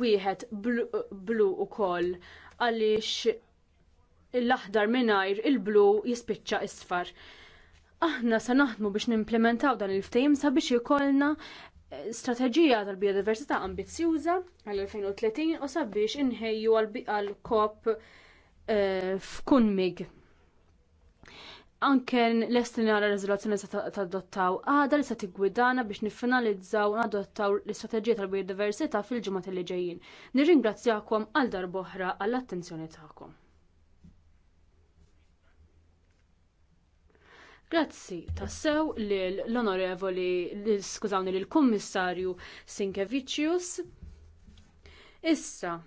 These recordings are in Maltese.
wieħed blu wkoll għaliex l-aħdar mingħajr il-blu jispiċċa isfar. Aħna se naħdmu biex nimplementaw dan il-ftehim sabiex jkollna eh, strateġija tal-biodiversità ambizjuża għal-2030 u sabiex inħejju għal-kop eh, f'Kunmig anke l-estin għara rezolazzjoni ta' adottaw għada li se tiggwidana biex niffinalizzaw u adottaw l-istrateġija tal-biodiversità fil-ġimgħat li ġejjin. Nirringrazzjakom għal boħra għall-attenzjoni tagħkom. Grazzi tassew l-onorevoli, skużawni l kommissarju Sinkevicius. Issa,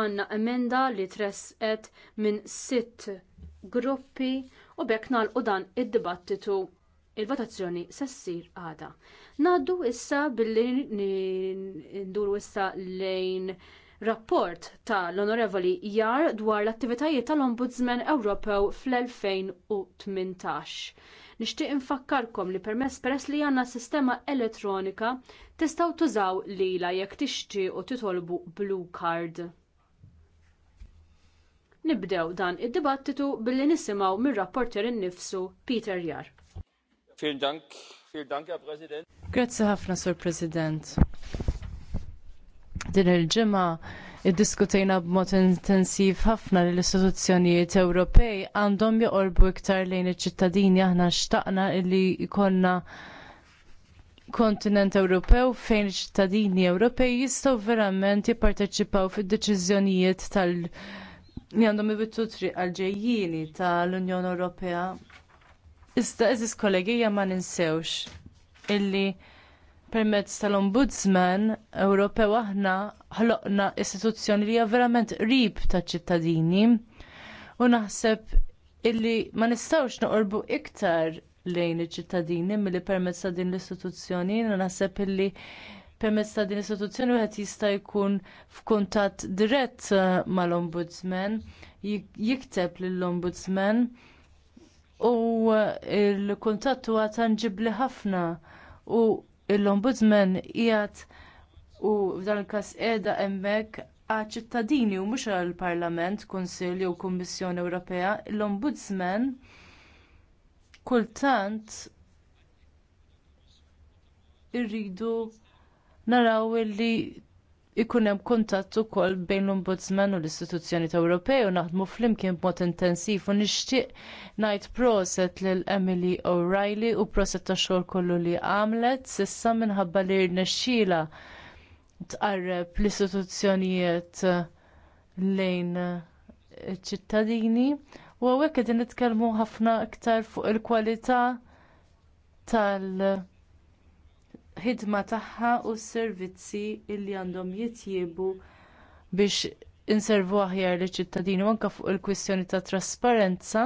għandna emenda li tresqet minn sitt gruppi u bekk nagħlqu dan id-dibattitu il-votazzjoni se ssir għada. Naddu issa billi nduru issa lejn rapport ta' l-Onorevoli Jar dwar l-attivitajiet tal-Ombudsman Ewropew fl-2018. Nixtieq infakkarkom li permess peress li għandna sistema elettronika tistgħu tużaw lila jekk tixtiequ titolbu blue card nibdew dan id-dibattitu billi nisimgħu mir-rapporter innifsu Peter Jar. Vielen Dank, vielen Dank, Herr Präsident. Grazie ħafna, Sur President. Din il-ġimgħa iddiskutejna b'mod intensiv ħafna li l-istituzzjonijiet Ewropej għandhom joqorbu iktar lejn iċ-ċittadini aħna xtaqna li jkollna kontinent Ewropew fejn iċ-ċittadini Ewropej jistgħu verament jipparteċipaw fid-deċiżjonijiet tal- li għandhom ibittu triq għal-ġejjini tal-Unjoni Ewropea. Iżda eżis kollegija ma ninsewx illi permezz tal-Ombudsman Ewropew aħna ħloqna istituzzjoni li hija verament qrib taċ-ċittadini u naħseb illi ma nistgħux noqorbu iktar lejn iċ-ċittadini milli permezz ta' din l-istituzzjoni naħseb illi permezz ta' din istituzzjoni wieħed jista' jkun f'kuntatt dirett eh, mal-ombudsman, jikteb lill-ombudsman u eh, l-kuntatt huwa tanġibli ħafna u l-ombudsman qiegħed u f'dan il-każ qiegħda hemmhekk għaċ-ċittadini u mhux għall-Parlament, Kunsill jew Kummissjoni Ewropea, l-Ombudsman kultant irridu naraw illi ikun hemm kuntatt ukoll bejn l-Ombudsman u l-Istituzzjoni Ewropej u naħdmu flimkien b'mod intensiv u nixtieq ngħid proset lil Emily O'Reilly u proset tax-xogħol kollu li għamlet s'issa minħabba li rnexxiela tqarreb l-istituzzjonijiet lejn iċ-ċittadini u hawnhekk qegħdin nitkellmu ħafna iktar fuq il-kwalità tal- ħidma tagħha u s-servizzi li għandhom jitjiebu biex inservu aħjar liċ ċittadini anke fuq il-kwistjoni ta' trasparenza.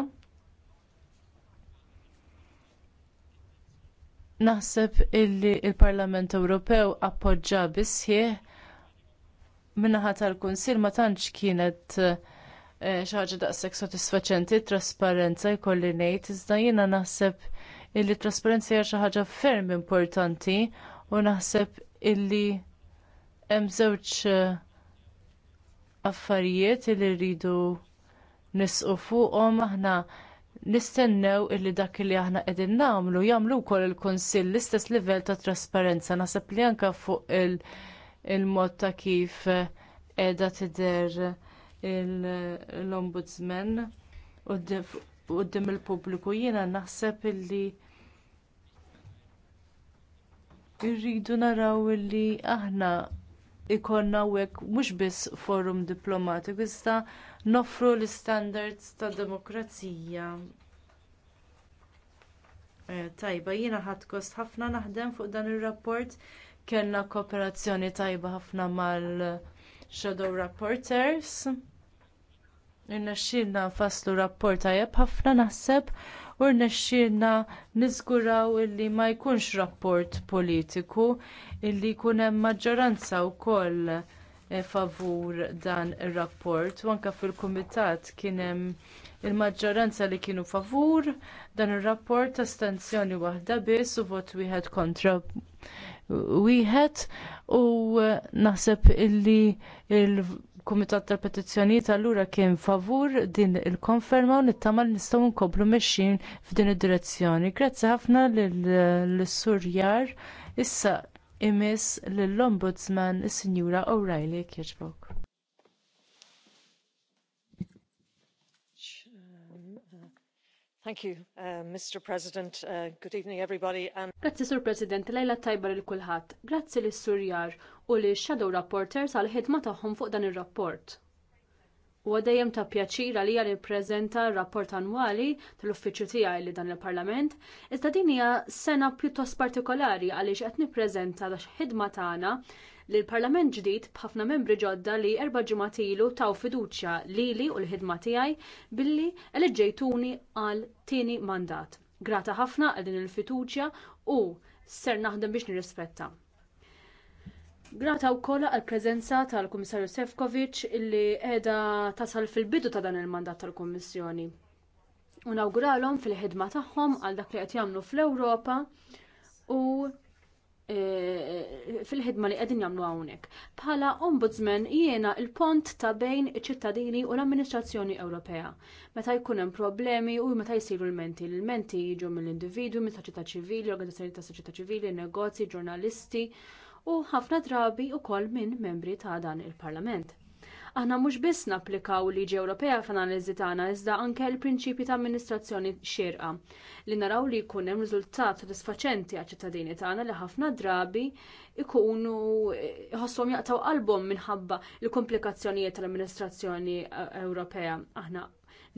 Naħseb illi l il parlament Ewropew appoġġa bisħieħ minnaħa tal-Kunsil ma tantx kienet eh, xi ħaġa daqshekk sodisfaċenti trasparenza jkolli ngħid iżda jiena naħseb illi trasparenza hija xi ħaġa ferm importanti u naħseb illi hemm żewġ eh, affarijiet li rridu nisqu fuqhom aħna nistennew illi dak li aħna qegħdin nagħmlu jagħmlu wkoll il-Kunsill l-istess livell ta' trasparenza naħseb li anke fuq il-mod ta' kif eh, qiegħda tidher eh, l-Ombudsman quddiem il-pubbliku jiena naħseb illi irridu naraw li aħna ikonna hekk mhux biss forum diplomatiku iżda noffru l istandards ta' demokrazija. Eh, tajba, jiena ħadd kost ħafna naħdem fuq dan ir-rapport kellna kooperazzjoni tajba ħafna mal-Shadow Rapporters. Irnexxielna xilna faslu rapport tajjeb ħafna naħseb u rnexxielna niżguraw illi ma jkunx rapport politiku illi jkun hemm maġġoranza wkoll eh, favur dan ir-rapport u anke fil-kumitat kien hemm il-maġġoranza li kienu favur dan ir-rapport astenzjoni waħda biss u vot wieħed kontra wieħed u naħseb illi il kumitat tal-petizzjonijiet allura kien favur din il-konferma u nittamal li nistgħu nkomplu mexxin f'din id-direzzjoni. Grazzi ħafna lill surjar Issa imis lill-Ombudsman is-Sinjura O'Reilly Kirchbok. Thank you, uh, Mr. President. Uh, good evening, everybody. And... Grazzi, Sur President. Lejla tajba l kulħadd. Grazzi l surjar u li shadow rapporters għal ħidma tagħhom fuq dan ir-rapport. U dejjem ta' pjaċir għalija li ppreżenta r-rapport annwali tal-uffiċċju tiegħi li dan il-Parlament, iżda din hija sena pjuttost partikolari għaliex qed nippreżenta ħidma tagħna li l-Parlament ġdid b'ħafna membri ġodda li erba' ġimgħa tilu taw fiduċja lili u l-ħidma tiegħi billi eleġġejtuni għal tieni mandat. Grata ħafna għal din il-fiduċja u ser naħdem biex nirrispetta. Grata wkoll għall preżenza tal-Kummissarju Sefkovic illi qiegħda tasal fil-bidu ta' dan il-mandat tal-Kummissjoni. Unawguralom fil-ħidma tagħhom għal dak li qed jagħmlu fl-Ewropa u e, fil-ħidma li qegħdin jagħmlu hawnhekk. Bħala ombudsman jiena il-pont ta' bejn iċ-ċittadini u l-amministrazzjoni Ewropea. Meta jkun hemm problemi u meta jsiru l-menti. L-menti jiġu mill-individwi, mill-soċjetà ċivili, organizzazzjoni ta' soċjetà ċivili, negozji, ġurnalisti u ħafna drabi wkoll minn membri ta' dan il-Parlament. Aħna mhux biss napplikaw liġi Ewropea f'analiżi tagħna iżda anke l-prinċipji ta' amministrazzjoni xierqa li naraw li jkun hemm riżultat sodisfaċenti għaċ-ċittadini tagħna li ħafna drabi ikunu ħossom jaqtaw qalbhom minħabba l-komplikazzjonijiet tal-amministrazzjoni e, Ewropea. Aħna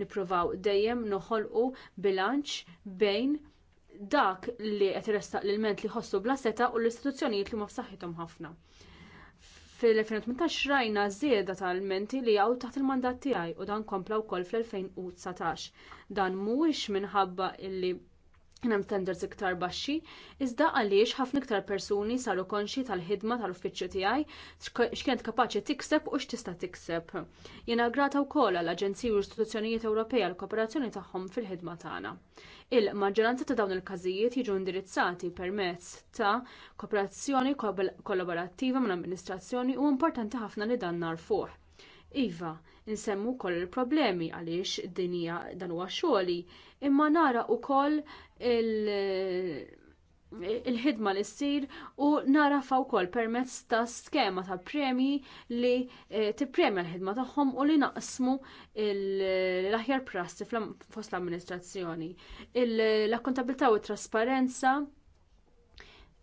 nippruvaw dejjem noħolqu bilanċ bejn dak li qed irrestaq l-ment li ħossu bla seta u l-istituzzjonijiet li ma f'saħħithom ħafna. Fil-2018 rajna żieda tal-menti li għaw taħt il-mandat tiegħi u dan kompla wkoll fl-2019. Dan mhuwiex minħabba illi hemm standards iktar baxxi, iżda għaliex ħafna iktar persuni saru konxi tal-ħidma tal-uffiċċju tiegħi x'kienet kapaċi tikseb u x'tista' tikseb. Jiena grata wkoll għall-Aġenziji u l-Istituzzjonijiet Ewropej għall kooperazzjoni tagħhom fil-ħidma tagħna. Il-maġġoranza ta' dawn il-każijiet jiġu indirizzati permezz ta' kooperazzjoni kollaborattiva mal-amministrazzjoni u importanti ħafna li dan narfuh. Iva, insemmu wkoll il-problemi għaliex din hija dan huwa xogħli, imma nara wkoll il- il-ħidma li s-sir u narafa wkoll permezz ta' skema ta' premji li eh, tippremja l-ħidma tagħhom u li naqsmu l-aħjar prassi fost l-amministrazzjoni. l akkontabilta u t trasparenza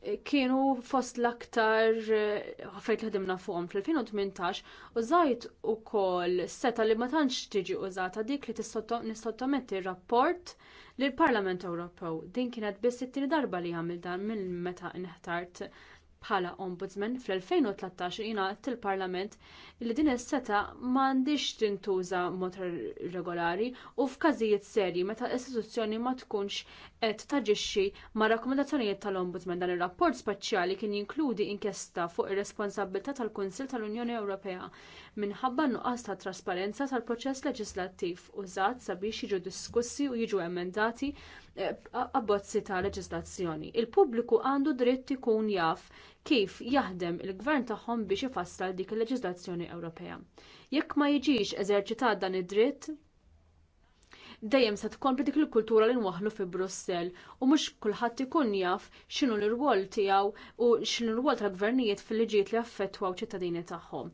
eh, kienu fost l-aktar għafajt eh, l ħdimna fuqhom fl-2018 u żajt ukoll seta li ma tantx tiġi użata dik li tistottometti r-rapport l parlament Ewropew. Din kienet biss it-tieni darba li għamil dan minn meta inħtart bħala ombudsman fl-2013 jina il-parlament li din is-seta m'għandix tintuża mod regolari u f'każijiet serji meta l-istituzzjoni ma tkunx qed taġixxi ma' rakkomandazzjonijiet tal-Ombudsman dan ir-rapport speċjali kien jinkludi inkjesta fuq ir-responsabilità tal-Kunsill tal-Unjoni Ewropea minħabba nuqqas ta' trasparenza tal-proċess leġislattiv użat sabiex jiġu diskussi u jiġu emendati eh, abbozzi ta' leġislazzjoni. Il-pubbliku għandu dritt ikun jaf kif jaħdem il-gvern tagħhom biex ifassal dik il-leġislazzjoni Ewropea. Jekk ma jiġix eżerċitat dan id-dritt, dejjem se tkompli dik il-kultura li nwaħlu fi Brussell u mhux kulħadd ikun jaf x'inhu l-irwol tiegħu u x'inhu l-irwol tal-gvernijiet fil-liġijiet li affettwaw ċittadini tagħhom.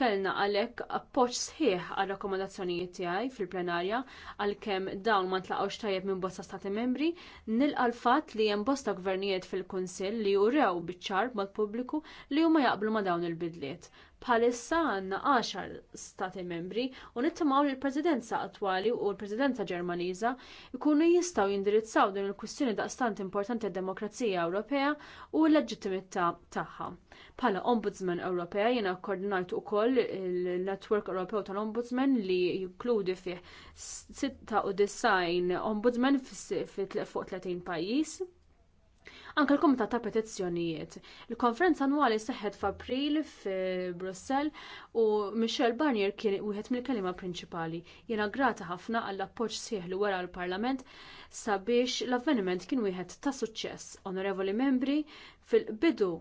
Kellna għalhekk appoġġ sħiħ għar rakkomandazzjonijiet tiegħi fil-plenarja għalkemm dawn ma ntlaqgħux tajjeb minn bosta stati membri, nilqa' l-fatt li hemm bosta gvernijiet fil-Kunsill li jurew biċ-ċar mal-pubbliku li huma jaqblu ma' dawn il-bidliet Bħalissa għandna 10 stati membri u nittamaw li l-Presidenza attwali u l-Presidenza Ġermaniża jkunu jistgħu jindirizzaw din il-kwistjoni daqstant importanti għad-demokrazija Ewropea u l-leġittimità tagħha. Bħala Ombudsman Ewropea jiena koordinajt ukoll il-Network Ewropew tal-Ombudsman li jinkludi fih 96 ombudsman fuq 30 pajjiż anke l komitat ta' Petizzjonijiet. Il-konferenza annwali seħħet f'April f'Brussell u Michel Barnier kien wieħed mill-kelima prinċipali. Jiena grata ħafna għall appoġġ sieħ li wara l-Parlament sabiex l-avveniment kien wieħed ta' suċċess. Onorevoli membri, fil-bidu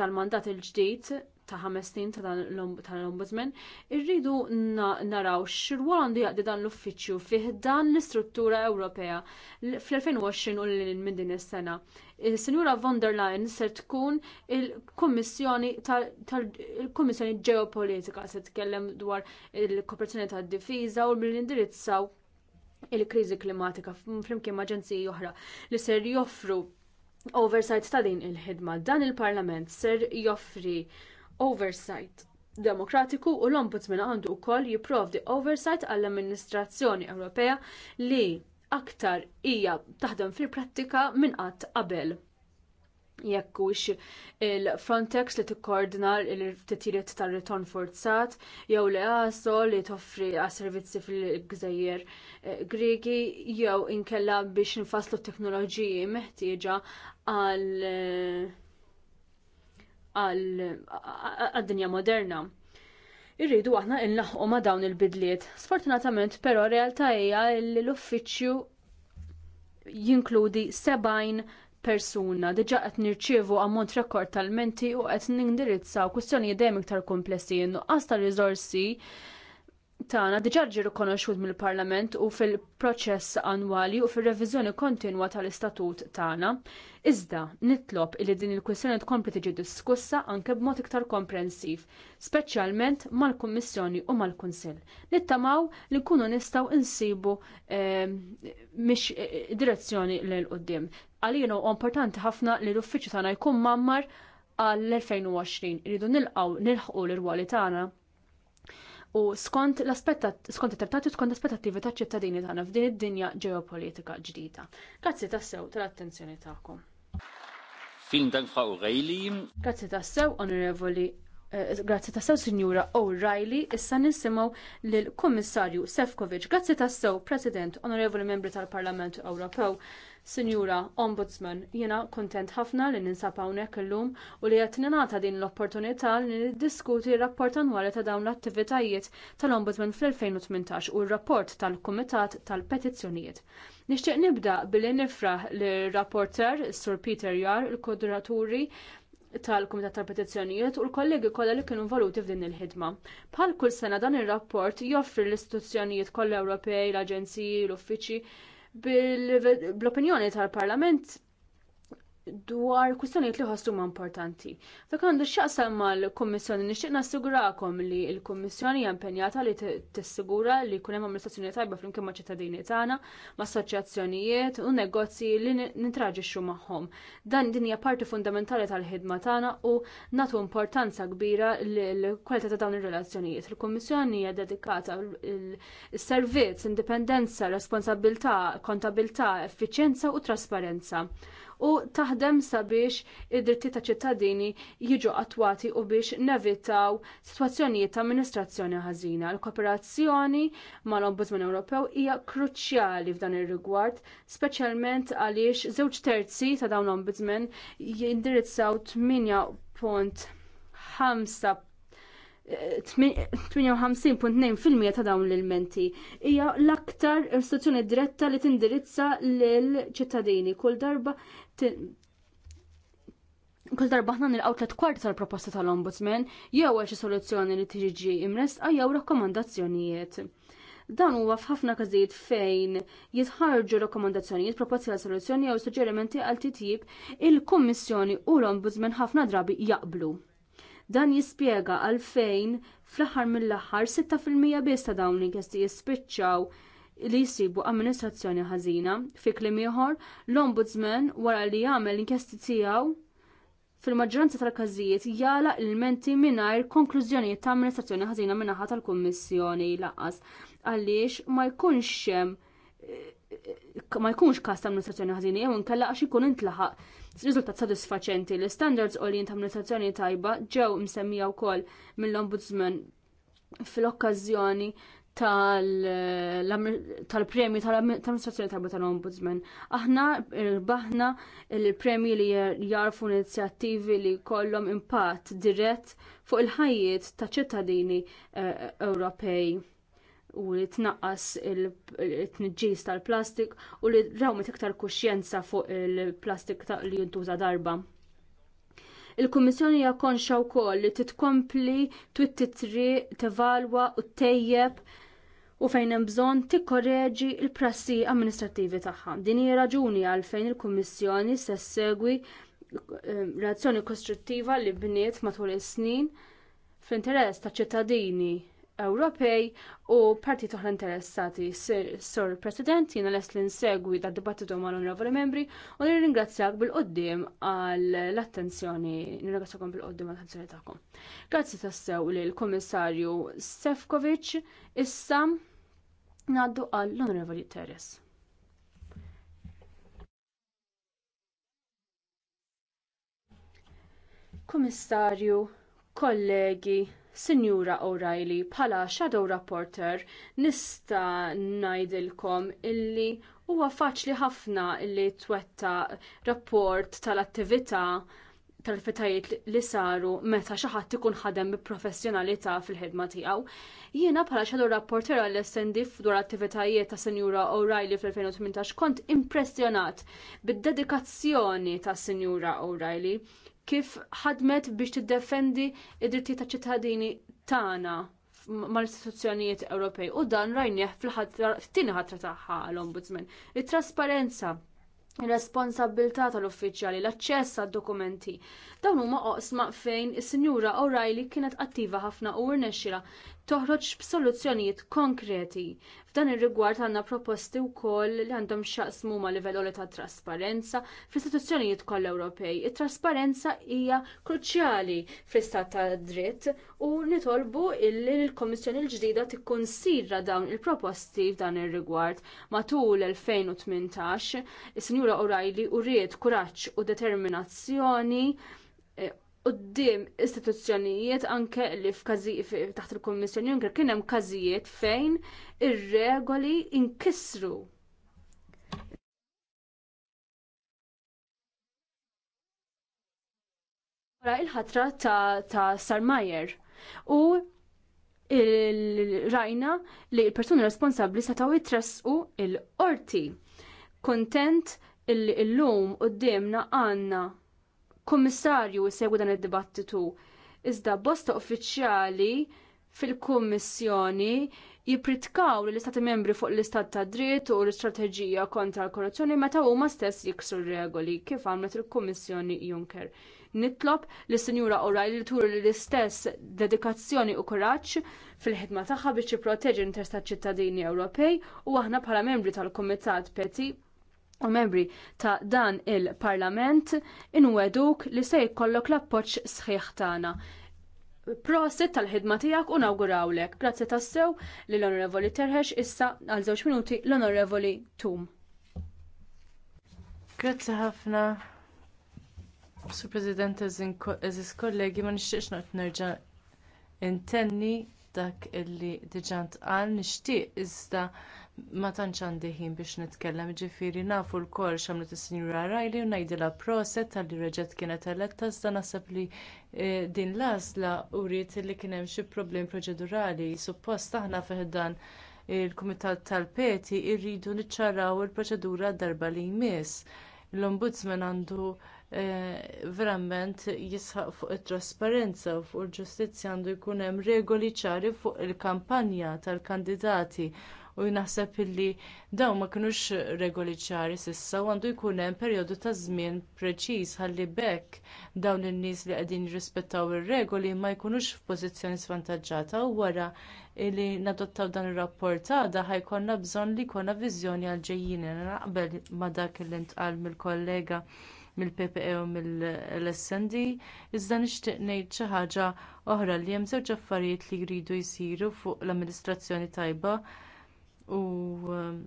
tal-mandat il-ġdid ta' ħames snin ta' l-Ombudsman, irridu naraw x'rwol għandu jaqdi dan l-uffiċċju fih dan l-istruttura Ewropea fl-2020 u l minn din is-sena. Sinjura von der Leyen ser tkun il-Kummissjoni tal-Kummissjoni Ġeopolitika se tkellem dwar il-kooperazzjoni tad-difiża u l-indirizzaw il-kriżi klimatika flimkien maġenziji oħra li ser joffru oversight ta' din il-ħidma. Dan il-Parlament ser joffri oversight demokratiku u l-Ombudsman għandu wkoll jipprovdi oversight għall-Amministrazzjoni Ewropea li aktar hija taħdem fil-prattika minn qatt qabel. Jekk hux il-Frontex li tikkoordina l titjiriet tar return forzat jew l-EASO li toffri għas servizzi fil-Gżejjer eh, Griegi jew inkella biex nfasslu t teknoloġiji meħtieġa għal eh, għal dinja moderna. Irridu aħna il ma dawn il-bidliet. Sfortunatament, però realtà hija li l-uffiċċju jinkludi 70 persuna diġa qed nirċievu ammont rekord tal-menti u qed nindirizzaw kwistjonijiet dejjem iktar komplessi innuqqas ta' riżorsi tagħna diġà ġie rikonoxxut mill-Parlament u fil-proċess annwali u fir-reviżjoni kontinwa tal-istatut tagħna. Iżda nitlob li din il kwissjoni tkompli tiġi diskussa anke b'mod iktar komprensiv, speċjalment mal-Kummissjoni u mal-Kunsill. Nittamaw li nkunu nistgħu insibu mhix ehm, eh, direzzjoni lil qudiem. Għalina huwa importanti ħafna li l-uffiċċju tagħna jkun mammar għall-2020 iridu nilqgħu nilħqu l-irwali tagħna u skont l-aspettat, skont it-trattati skont l-aspettattivi ta' ċittadini tagħna f'din id-dinja ġeopolitika ġdida. Grazzi tassew tal-attenzjoni tagħkom. Fin dan Frau O'Reilly. Grazzi tassew, onorevoli eh, Grazzi tassew, Signora O'Reilly, issa nisimaw lill kummissarju Sefkovic. Grazzi tassew, President, Onorevoli Membri tal-Parlament Ewropew. Sinjura Ombudsman, jiena kuntent ħafna li ninsab hawnhekk illum u li qed ningħata din l-opportunità li niddiskuti r-rapport annwali ta' dawn l-attivitajiet tal-Ombudsman fl-2018 u r-rapport tal-Kumitat tal-Petizzjonijiet. Nixtieq nibda billi nifraħ li rapporter Sur Peter Jar, il-koduraturi tal-Kumitat tal-Petizzjonijiet u l-kollegi kollha li kienu valuti f'din il-ħidma. Bħal kull sena dan ir-rapport joffri l-istituzzjonijiet kollha Ewropej, l-aġenziji, l-uffiċċji bil opinjoni tal-Parlament dwar kwistjonijiet li ħossu ma importanti. Fek għandu x'jaqsam mal-Kummissjoni nixtieq nassigurakom li l-Kummissjoni hija li li tissigura li jkun hemm amministrazzjoni tajba flimkien ma' ċittadini tagħna, ma' assoċjazzjonijiet u negozji li nintraġixxu magħhom. Dan din hija parti fundamentali tal-ħidma tagħna u natu importanza kbira l-kwalità ta' dawn ir-relazzjonijiet. Il-Kummissjoni hija dedikata l-servizz, indipendenza, responsabilità, kontabilità, effiċjenza u trasparenza u taħdem sabiex id-dritti ta' ċittadini jiġu attwati u biex nevitaw situazzjonijiet ta' amministrazzjoni ħażina. L-kooperazzjoni mal-Ombudsman Ewropew hija kruċjali f'dan ir-rigward, speċjalment għaliex żewġ terzi ta' dawn l-Ombudsman jindirizzaw 8.5 58.2% ta' dawn l-ilmenti hija l-aktar istituzzjoni diretta li tindirizza l ċittadini kull darba kull darba ħna nilqaw tliet kwart tal-proposta tal-Ombudsman jew xi soluzzjoni li tiġi imresqa jew rakkomandazzjonijiet. Dan huwa f'ħafna każijiet fejn jitħarġu rakkomandazzjonijiet proposti għal soluzzjoni jew suġġerimenti għal titjib il-Kummissjoni u l-Ombudsman ħafna drabi jaqblu. Dan jispjega għalfejn fl-aħħar mill-aħħar 6% biss ta' dawn l-inkjesti jispiċċaw li jsibu amministrazzjoni ħażina fi kliem ieħor l-ombudsman wara li jagħmel l-inkjesti tiegħu fil-maġġoranza tal-każijiet jala il-menti mingħajr konklużjonijiet ta' amministrazzjoni ħażina min-naħa tal-Kummissjoni lanqas għaliex ma jkunx hemm eh, ma jkunx każ ta' amministrazzjoni ħażina jew inkella għax ikun intlaħaq riżultat sodisfaċenti. L-standards għolin ta' amministrazzjoni tajba ġew msemmija wkoll mill-Ombudsman fil-okkażjoni Eh, tal-premju tal-amministrazzjoni tal tal-Ombudsman. Aħna rbaħna il premi li jarfu inizjattivi li kollom impatt dirett fuq il-ħajjiet ta' ċittadini eh, Ewropej u li tnaqqas il-tniġġis tal-plastik u li rawmi iktar kuxjenza fuq il-plastik li jintuża darba. Il-Kummissjoni hija konxa wkoll li titkompli twittitri tevalwa u tejjeb u fejn hemm bżonn tikkorreġi l-prassi amministrattivi tagħha. Din hija raġuni għalfejn il-Kummissjoni se segwi ehm, reazzjoni kostruttiva li bniet matul is-snin fl-interess taċ ċittadini Ewropej u partit oħra interessati. Sur President, jiena lest li nsegwi da' dibattitu mal onorevoli membri u ringrazzjak bil-qoddim għall-attenzjoni, nirringrazzjakom bil-qoddim għall-attenzjoni tagħkom. Grazzi tassew li l-Komissarju Sefkovic issa ngħaddu għall-Onorevoli Teres. Komissarju, kollegi, Sinjura O'Reilly, bħala Shadow Rapporter, nista ngħidilkom illi huwa faċli ħafna illi twetta rapport tal-attività tal-fetajiet li saru meta xi ħadd ikun ħadem bi professjonalità fil-ħidma tiegħu. Jiena bħala xadu rapporter għall snd dwar attivitajiet ta' Sinjura O'Reilly fl-2018 kont impressjonat bid-dedikazzjoni ta' Sinjura O'Reilly kif ħadmet biex tiddefendi id-dritti ta' ċittadini tagħna mal-istituzzjonijiet Ewropej u dan rajnieħ fil-tini ħatra tagħha l-Ombudsman. It-trasparenza, ir-responsabilità tal-uffiċjali, l-aċċess għad-dokumenti. Dawn huma oqsma fejn is-Sinjura O'Reilly kienet attiva ħafna u rnexxira toħroġ b'soluzzjonijiet konkreti. F'dan ir-rigward għandna proposti wkoll li għandhom xaqsmu ma' livell ta' trasparenza fl-istituzzjonijiet kollha Ewropej. It-trasparenza hija kruċjali fl-istat ta' dritt u nitolbu illi l-Kommissjoni l-ġdida tikkunsidra dawn il-proposti f'dan ir-rigward. Matul 2018, is-Sinjura O'Reilly uriet kuraġġ u determinazzjoni eh, qoddim istituzzjonijiet anke li f'każijiet taħt il-Kummissjoni Juncker kien hemm każijiet fejn ir-regoli inkisru. Wara il-ħatra ta', ta Sarmajer u il-rajna li il-persuni responsabli setaw jitrasqu il-qorti. Kontent il-lum il u d-demna għanna kummissarju jsegwu dan id-dibattitu. Iżda bosta uffiċjali fil-Kummissjoni jipritkaw l istati membri fuq l-istat ta' dritt u l-istrateġija kontra l-korruzzjoni meta huma stess jiksru regoli kif għamlet il-Kummissjoni Juncker nitlob li sinjura O'Reilly turi l-istess dedikazzjoni u kuraġġ fil-ħidma tagħha biex tipproteġi l-interess ċittadini Ewropej u aħna bħala membri tal-Kumitat Peti u membri ta' dan il-parlament inweduk li se jkollok l-appoċ sħiħ tagħna. Prosit tal-ħidma tiegħek u nawgurawlek. Grazzi tassew li l-Onorevoli Terħex issa għal żewġ minuti l-Onorevoli Tum. Grazzi ħafna. Sur President eżis kollegi ma nixtieqx noqgħod nerġa' intenni dak illi diġà ntqal nixtieq iżda ma tantx għandi ħin biex nitkellem, ġifieri nafu lkoll x'għamlet is-Sinjura Rajli u ngħidilha proset tal-li reġgħet kienet eletta iżda naħseb li eh, din l-għażla uriet li kien hemm xi problemi proċedurali. Suppost aħna fih dan il-Kumitat tal-Peti rridu niċċaraw il-proċedura darba li jmiss. L-Ombudsman għandu eh, verament jisħaq fuq it-trasparenza u fuq il-ġustizzja għandu jkun hemm regoli ċari fuq il-kampanja tal-kandidati u naħseb illi dawn ma kinux regoli ċari s'issa u għandu jkun hemm perjodu ta' żmien preċiż ħalli bekk dawn in-nies li qegħdin jirrispettaw ir-regoli ma jkunux f'pożizzjoni svantaġġata u wara li nadottaw dan ir-rapport għada ħajkonna bżonn li jkollna viżjoni għal ġejjin naqbel ma' dak li ntqal mill-kollega mill-PPE u mill-SND, iżda nixtieq ngħid xi ħaġa oħra li hemm żewġ affarijiet li jridu jsiru fuq l-amministrazzjoni tajba u um,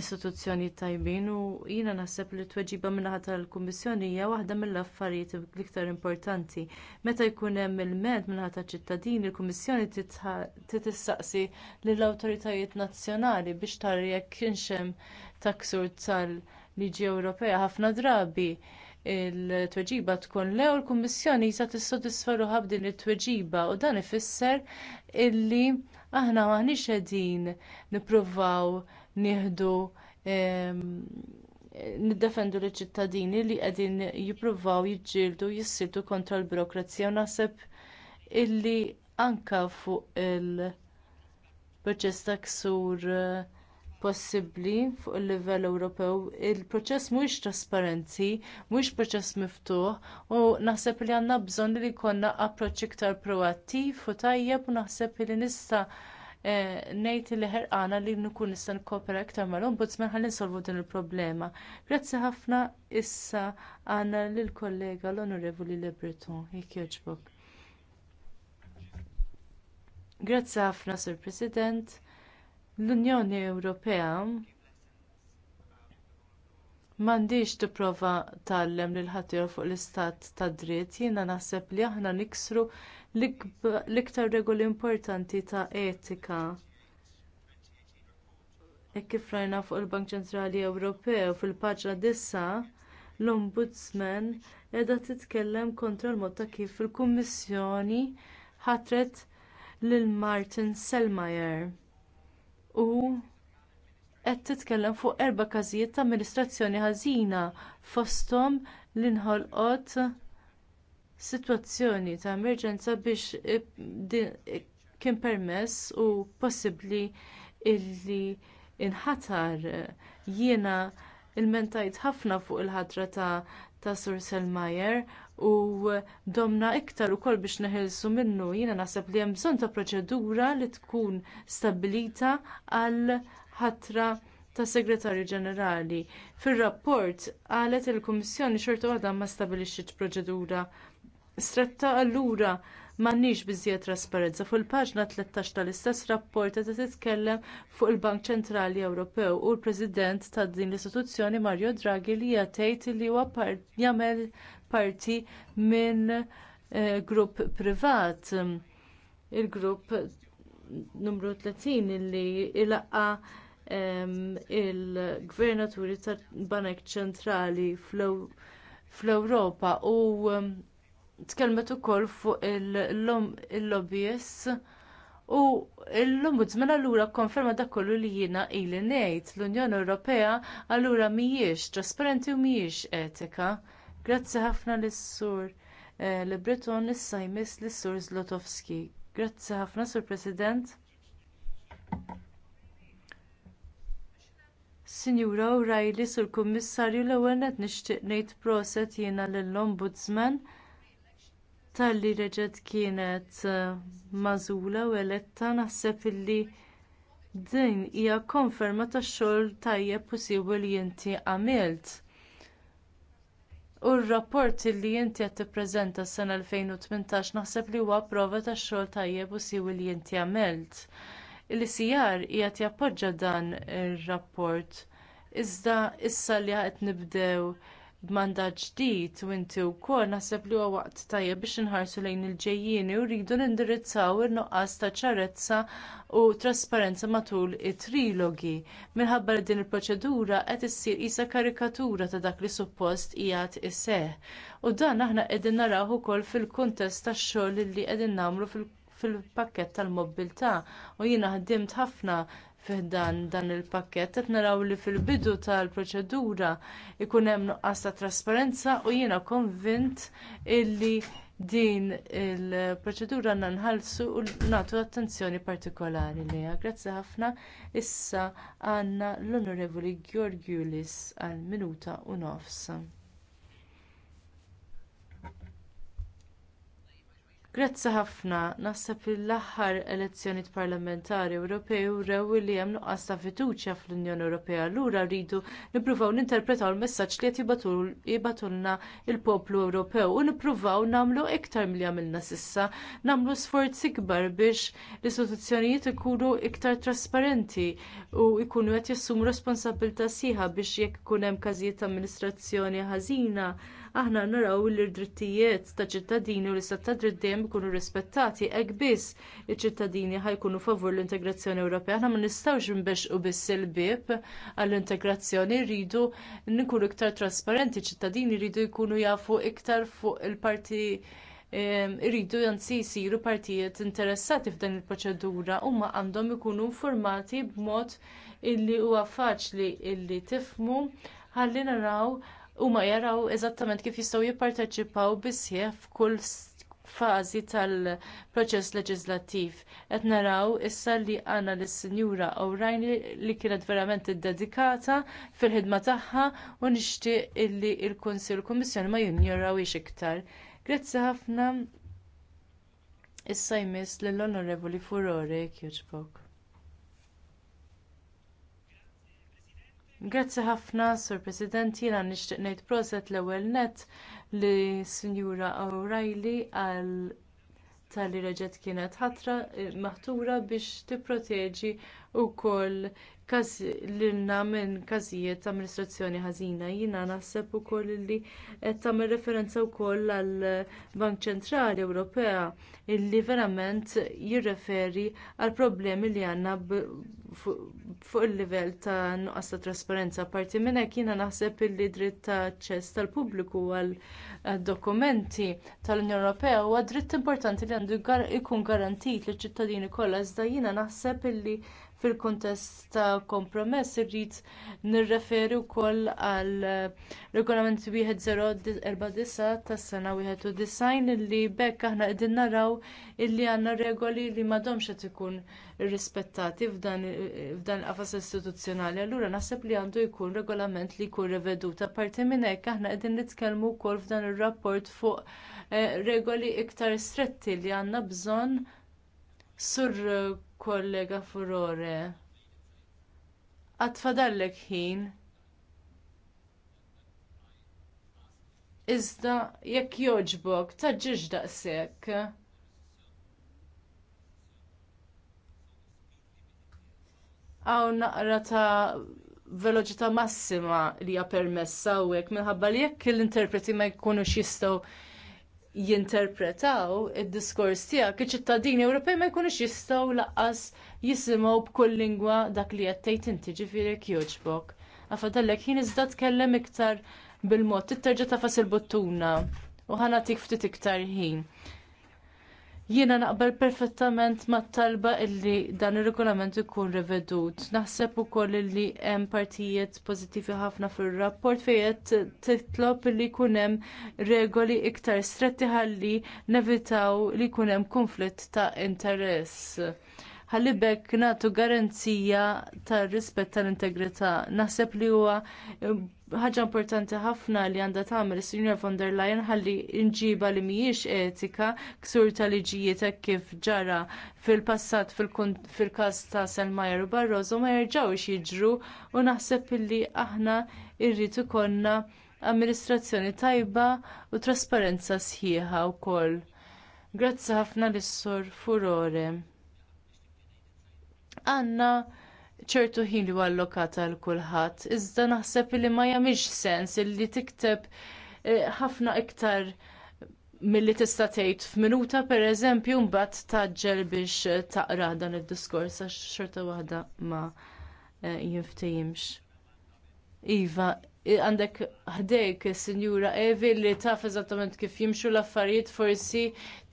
istituzzjoni tajbin u jiena naħseb li t-tweġiba minnaħa tal-Kummissjoni hija waħda mill-affarijiet l-iktar importanti. Meta jkun hemm il-med minnaħa tal-ċittadini, il-Kummissjoni titissaqsi lill-awtoritajiet nazzjonali biex tara jekk kienx hemm taksur tal-liġi Ewropea ħafna drabi il-tweġiba tkun le u l-Kummissjoni sa tissodisfa ruħha b'din it-tweġiba u dan ifisser illi aħna maħniex qegħdin nippruvaw nieħdu ehm, niddefendu liċ ċittadini li qegħdin jippruvaw jiġġieldu jissiltu kontra l-birokrazija u naħseb illi anke fuq il-proċess ta' ksur uh, possibbli fuq il-livell Ewropew, il-proċess mhuwiex trasparenti, mhuwiex proċess miftuħ u naħseb li għandna bżonn li jkollna approċċ iktar proattiv u tajjeb u naħseb li nista' eh, ngħid li ħerqana li nkun nista' nikkopera iktar mal-ombudsman ħalli nsolvu din il-problema. Grazzi ħafna issa għandna lill kollega l-Onorevoli Le Breton, jekk jogħġbok. Grazzi ħafna, Sur President. L-Unjoni Ewropea m'għandix tipprova tgħallem lil ħaddieħor fuq l-istat tad dritt, jiena naħseb li aħna niksru l-iktar regoli importanti ta' etika. Hekk kif rajna fuq il-Bank Ċentrali Ewropew fil-paġna d'issa, l-Ombudsman qiegħda titkellem kontra l-mod ta' kif il-Kummissjoni ħatret lil Martin Selmayr u qed titkellem fuq erba' każijiet ta' amministrazzjoni ħażina fosthom li inħolqot sitwazzjoni ta' emerġenza biex kien permess u possibbli illi inħatar jiena ilmentajt ħafna fuq il-ħatra ta' ta' Sell Selmayr u domna iktar ukoll biex neħilsu minnu. Jiena naħseb li hemm bżonn ta' proċedura li tkun stabbilita għal ħatra tas segretarju ġenerali. fir rapport qalet il-Kummissjoni xorta waħda ma stabilixxiet proċedura stretta allura m'għandniex biżżejjed trasparenza. Fuq il-paġna 13 tal-istess rapport qed titkellem fuq il-Bank Ċentrali Ewropew u l-President ta' din l-istituzzjoni Mario Draghi li jgħid li huwa jagħmel parti minn eh, grupp privat. Il-grupp numru 30 illi um, il-gvernaturi tal-Banek ċentrali fl-Ewropa u tkellmet ukoll fuq il-lobbyists u l-Ombudsman allura kkonferma dak kollu li jiena ili ngħid l-Unjoni Ewropea allura mhijiex trasparenti u mhijiex etika. Grazzi ħafna lis-sur eh, Lebreton issa jmiss lis-sur Zlotowski. Grazzi ħafna sur President. Sinjura O'Reilly sur Kummissarju l-ewwel qed nixtieq ngħid proset jiena lill-Ombudsman talli reġgħet kienet eh, magħżula u eletta naħseb illi din hija konferma tax-xogħol tajjeb possibbli li inti għamilt U r-rapport li inti qed tippreżenta s-sena 2018 naħseb li huwa prova tax xogħol tajjeb u siwi li inti għamilt. Il-CR qiegħed jappoġġa dan ir-rapport. Iżda issa li qed nibdew b'mandat ġdid u inti wkoll naħseb li huwa waqt tajjeb biex inħarsu lejn il-ġejjieni u rridu nindirizzaw in-nuqqas ta' ċarezza u trasparenza matul it-trilogi. Minħabba li din il-proċedura qed issir isa karikatura ta' dak li suppost qiegħed iseħħ. U dan aħna qegħdin naraw ukoll fil-kuntest tax-xogħol li qegħdin nagħmlu fil-pakkett tal-mobilità u jiena ħdimt ħafna F'dan dan il-pakket. Qed naraw li fil-bidu tal-proċedura ikun hemm nuqqas ta' trasparenza u jiena konvint illi din il-proċedura għandna nħallsu u nagħtu attenzjoni partikolari liha. Grazzi ħafna. Issa għandna l-Onorevoli Georgiulis għal minuta u nofs. Grazzi ħafna, naħseb l-aħħar elezzjonijiet parlamentari Ewropej rew li hemm nuqqas ta' fiduċja fl-Unjoni Ewropea lura rridu nippruvaw ninterpretaw il-messaġġ li qed jibatulna l poplu Ewropew u nippruvaw nagħmlu iktar milli għamilna sissa, nagħmlu sforzi kbar biex l-istituzzjonijiet ikunu iktar trasparenti u jkunu qed jassumu responsabilità sieħa biex jekk ikun hemm każijiet ta' amministrazzjoni ħażina aħna naraw li l-drittijiet ta' ċittadini u l-istat ta' dritt dejjem ikunu rispettati hekk biss iċ-ċittadini ħajkunu favur l-integrazzjoni Ewropea. Aħna ma nistgħux nbexqu biss il-bieb għall-integrazzjoni rridu nkunu iktar trasparenti ċittadini rridu jkunu jafu iktar fuq il-parti irridu anzi jsiru partijiet interessati f'dan il-proċedura huma għandhom ikunu infurmati b'mod illi huwa faċli illi tifhmu ħalli naraw ma jaraw eżattament kif jistgħu jipparteċipaw bisħieħ f'kull fażi tal-proċess leġislattiv. Qed naraw issa li għandna lis sinjura O'Reilly li kienet verament iddedikata fil-ħidma tagħha u nixtieq illi l kunsill u l-Kummissjoni ma jinjorawix iktar. Grazzi ħafna issa jmiss lill onorevoli Furore Kjuċbok. Grazzi ħafna, Sur President, jiena nixtieq ngħid proset l-ewwel nett li Sinjura O'Reilly għal tal-li reġgħet kienet ħatra eh, maħtura biex tipproteġi wkoll lilna minn każijiet ta' amministrazzjoni ħażina. Jiena naħseb ukoll li qed tagħmel referenza wkoll għall Bank Ċentrali Ewropea illi verament jirreferi għal problemi li għandna fuq il-livell ta' nuqqas ta' trasparenza. Parti minn hekk jiena naħseb illi dritt ta' aċċess tal-pubbliku għal dokumenti tal-Unjoni Ewropea huwa dritt importanti li għandu ikun garantit liċ ċittadini kollha iżda jiena naħseb illi fil-kuntest ta' kompromess irrid nirreferi wkoll għal regolament 1049 tas-sena 91 illi b'hekk aħna qegħdin naraw illi għandna regoli li m'għadhomx qed ikun irrispettati f'dan il-qafas istituzzjonali. Allura naħseb li għandu jkun regolament li jkun revedut. Apparti minn hekk aħna qegħdin nitkellmu wkoll f'dan ir-rapport fuq eh, regoli iktar stretti li għandna bżonn Sur eh, kollega furore, għatfadallek ħin. Iżda jekk joġbok, taġġiġ daqsek. Għaw naqra ta' veloċità massima li hija permessa hawnhekk minħabba li jekk l-interpreti ma jkunux jistgħu jinterpretaw id-diskors tiegħek iċ-ċittadini Ewropej ma jkunux jistgħu laqqas jisimgħu b'kull lingwa dak li qed tgħid inti ġifieri jogħġbok. Għafadallek jien iżda tkellem iktar bil-mod, titterġa' fas il-buttuna u ħanatik ftit iktar ħin. Jiena naqbel perfettament mat talba illi dan ir-regolament ikun revedut. Naħseb ukoll illi hemm partijiet pożittivi ħafna fir-rapport fejn qed titlob illi jkun hemm regoli iktar stretti ħalli nevitaw li jkun hemm konflitt ta' interess ħallibek nagħtu garanzija tar rispett tal-integrità. Naħseb li huwa eh, ħaġa importanti ħafna li għandha tagħmel is sinjur von der Leyen ħalli nġiba li mhijiex etika ksur tal liġijiet hekk kif ġara fil-passat fil-każ ta' Selmajer u Barroso ma jerġgħux jiġru u naħseb li aħna rrid ikollna amministrazzjoni tajba u trasparenza sħiħa wkoll. Grazzi ħafna lis-Sur Furore għandna ċertu huwa allokata għal kulħadd, iżda naħseb li ma jagħmilx sens illi tikteb eh, ħafna iktar milli tista' tgħid f'minuta pereżempju mbagħad taġġel biex eh, taqra dan id-diskors għax xorta waħda ma eh, jinftehimx. Iva, għandek ħdejk sinjura Evi li taf eżattament kif jimxu l-affarijiet forsi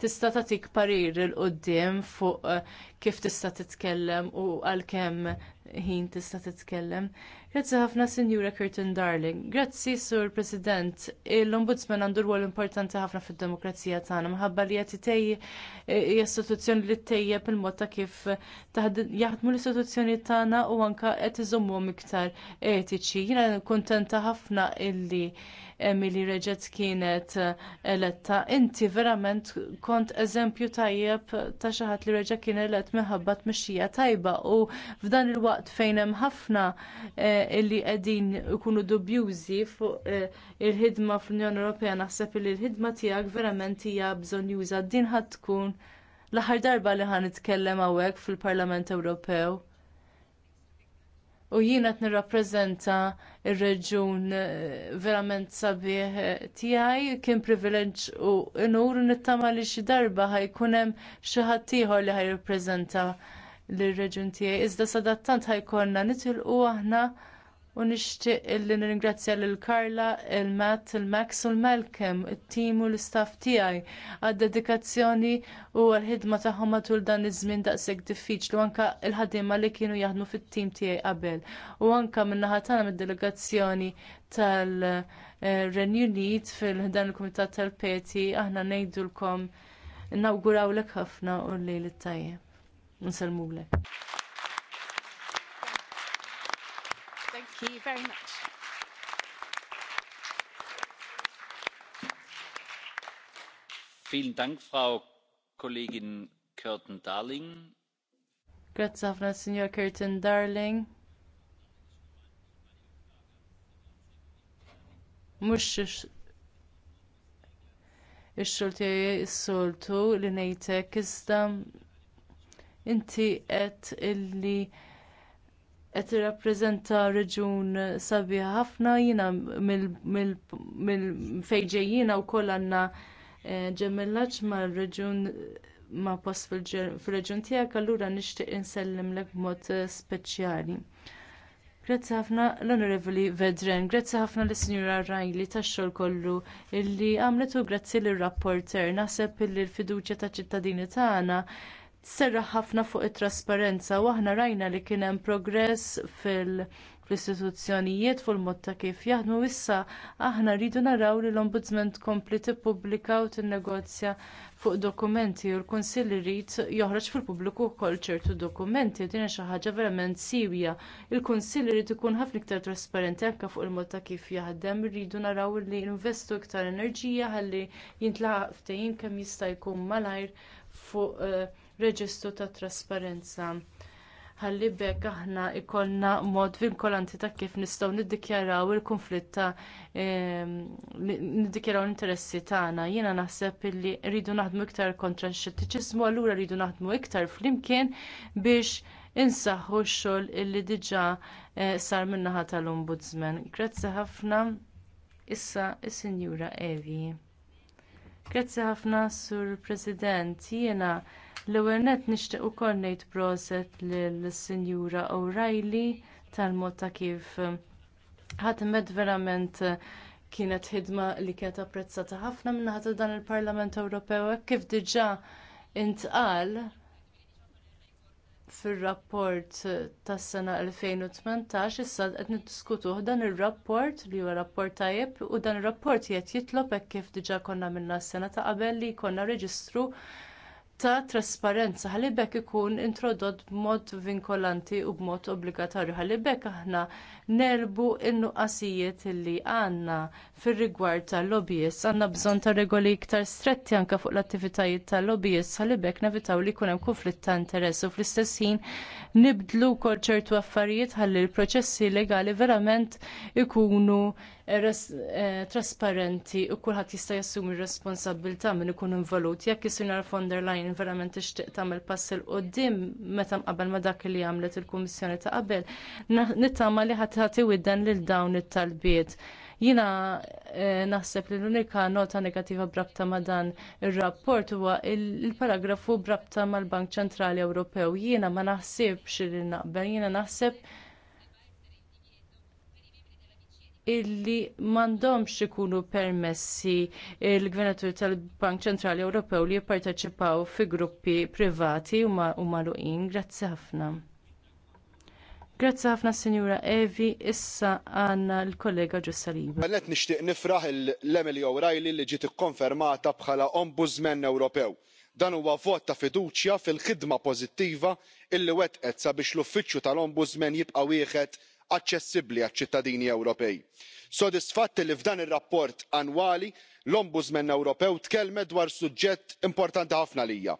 tista' tagħtik parir il qudiem fuq eh, kif tista' titkellem u għalkemm ħin tista' titkellem. Grazzi ħafna Sinjura Curtin Darling. Grazzi Sur President. L-Ombudsman għandu rwol importanti ħafna fid-demokrazija tagħna minħabba li qed itejji eh, istituzzjoni li tejjeb il-mod ta' kif jaħdmu l-istituzzjoni tagħna u anke qed iżommhom iktar etiċi. Jiena kuntenta ħafna illi Emily Reġet kienet eh, eletta. Inti verament kont eżempju tajjeb ta' xi ħadd li reġa' kien elett minħabba tmexxija tajba u f'dan il-waqt fejn hemm ħafna eh, illi qegħdin ikunu dubjużi fuq eh, il-ħidma fl-Unjoni Ewropea naħseb li l-ħidma tiegħek verament hija bżonjuża din ħadd tkun l-aħħar darba li ħan nitkellem hawnhekk fil-Parlament Ewropew. U jiena qed nirrappreżenta ir-reġun eh, verament sabiħ eh, tiegħi kien privileġġ u nur nittama li xi darba ħajkun hemm xi ħadd ieħor li ħajrippreżenta lir reġun tiegħi. Iżda sadattant ħajkollna nitilqu aħna u nixtieq illi ningrazzja lil Karla, il-Matt, il-Max u l-Malcolm, it-tim u l-istaff tiegħi għad-dedikazzjoni u għal-ħidma tagħhom matul dan iż-żmien daqshekk diffiċli u anke l-ħaddiema li kienu jaħdmu fit-tim tiegħi qabel. U anke min-naħa tagħna mid-delegazzjoni tal-Renew Need fil-ħdan il-Kumitat tal-Peti aħna ngħidulkom nawgurawlek ħafna u l-lejl it-tajjeb. Nsalmulek. Thank you very much. Vielen Dank, Frau Kollegin Curtin Darling. Grazie ħafna, Signor Curtin Darling. Mux ix-xulti s-soltu li ngħidlek iżda inti qed illi qed irrappreżenta reġun sabiħ ħafna jiena mill-fejġejjina wkoll għandna eh, ġemellaġġ mar-reġun ma' post fil-reġun tiegħek allura nixtieq lek b'mod eh, speċjali. Grazzi ħafna l-Onorevoli Vedren, grazzi ħafna lis sinjura Rajli tax-xogħol kollu illi għamlet u grazzi lir rapporter Naħseb illi l-fiduċja taċ ċittadini tagħna serra ħafna fuq it-trasparenza u aħna rajna li kien hemm progress fil- fl-istituzzjonijiet fuq il-mod ta' kif jaħdmu issa aħna rridu naraw li l-Ombudsman tkompli tippubblika u tinnegozja fuq dokumenti u l-Kunsill irid joħroġ fil-pubbliku wkoll ċertu dokumenti din xi ħaġa verament sivja. Il-Kunsill irid ikun ħafna iktar trasparenti anke fuq il-mod ta' kif jaħdem, irridu naraw li investu iktar enerġija ħalli jintlaħaq ftehim kemm jista' jkun malajr fuq eh, reġistru tat trasparenza. Ħalli bekk aħna jkollna mod vinkolanti ta' kif nistgħu niddikjaraw il-konflitt ta' ehm, niddikjaraw l-interessi tagħna. Jiena naħseb illi rridu naħdmu iktar kontra x-xettiċiżmu, allura rridu naħdmu iktar flimkien biex insaħħu x-xogħol illi diġà eh, sar min-naħa tal-Ombudsman. Grazzi ħafna issa is-Sinjura Evi. Grazzi ħafna sur President, jiena L-ewwel nett nixtieq ukoll ngħid proset lill-Sinjura O'Reilly tal-mod ta' kif eh, ħadmet verament eh, kienet ħidma li kienet apprezzata ħafna minn ħadd dan il-Parlament Ewropew hekk kif diġà intqal fir-rapport eh, tas-sena 2018 issa qed niddiskutuh dan ir-rapport li huwa rapport tajjeb u dan ir-rapport qed jitlob hekk kif diġà konna minna s-sena ta' qabel li jkollna reġistru ta' trasparenza ħalibek ikun introdott b'mod vinkolanti u b'mod obbligatorju ħalibek aħna nerbu in-nuqqasijiet li għandna fir-rigward tal-lobbyist għandna bżonn ta' regoli iktar stretti anke fuq l-attivitajiet tal-lobbyist ħalibek nevitaw li jkun hemm konflitt ta' interess u fl-istess ħin nibdlu wkoll ċertu affarijiet ħalli l-proċessi legali verament ikunu Eh, trasparenti u kulħadd jista' jassumi r-responsabilità minn ikun involut. Jekk is-Sinar von der Leyen verament tixtieq tagħmel pass il qudiem meta mqabel ma dak li għamlet il-Kummissjoni ta' qabel, nittama li ħadd ħati widden lil dawn it-talbiet. Jina eh, naħseb li l-unika nota negativa brabta ma dan ir-rapport huwa il-paragrafu brabta mal-Bank Ċentrali Ewropew. Jiena ma naħsibx li naqbel, jiena naħseb illi m'għandhomx ikunu permessi il-Gvernatur tal-Bank Ċentrali Ewropew li jipparteċipaw fi gruppi privati u magħluqin. Grazzi ħafna. Grazzi ħafna Sinjura Evi, issa għandna l-kollega Ġussalin. Għallet nixtieq nifraħ l-Emily O'Reilly li ġiet ikkonfermata bħala Ombudsman Ewropew dan huwa vot ta' fiduċja fil-ħidma pożittiva illi wettqet sabiex l-uffiċċju tal-ombudsman jibqa' wieħed aċċessibbli għaċ-ċittadini ewropej. Sodisfatti li f'dan ir-rapport annwali l-ombudsman ewropew tkellmet dwar suġġett importanti ħafna għalija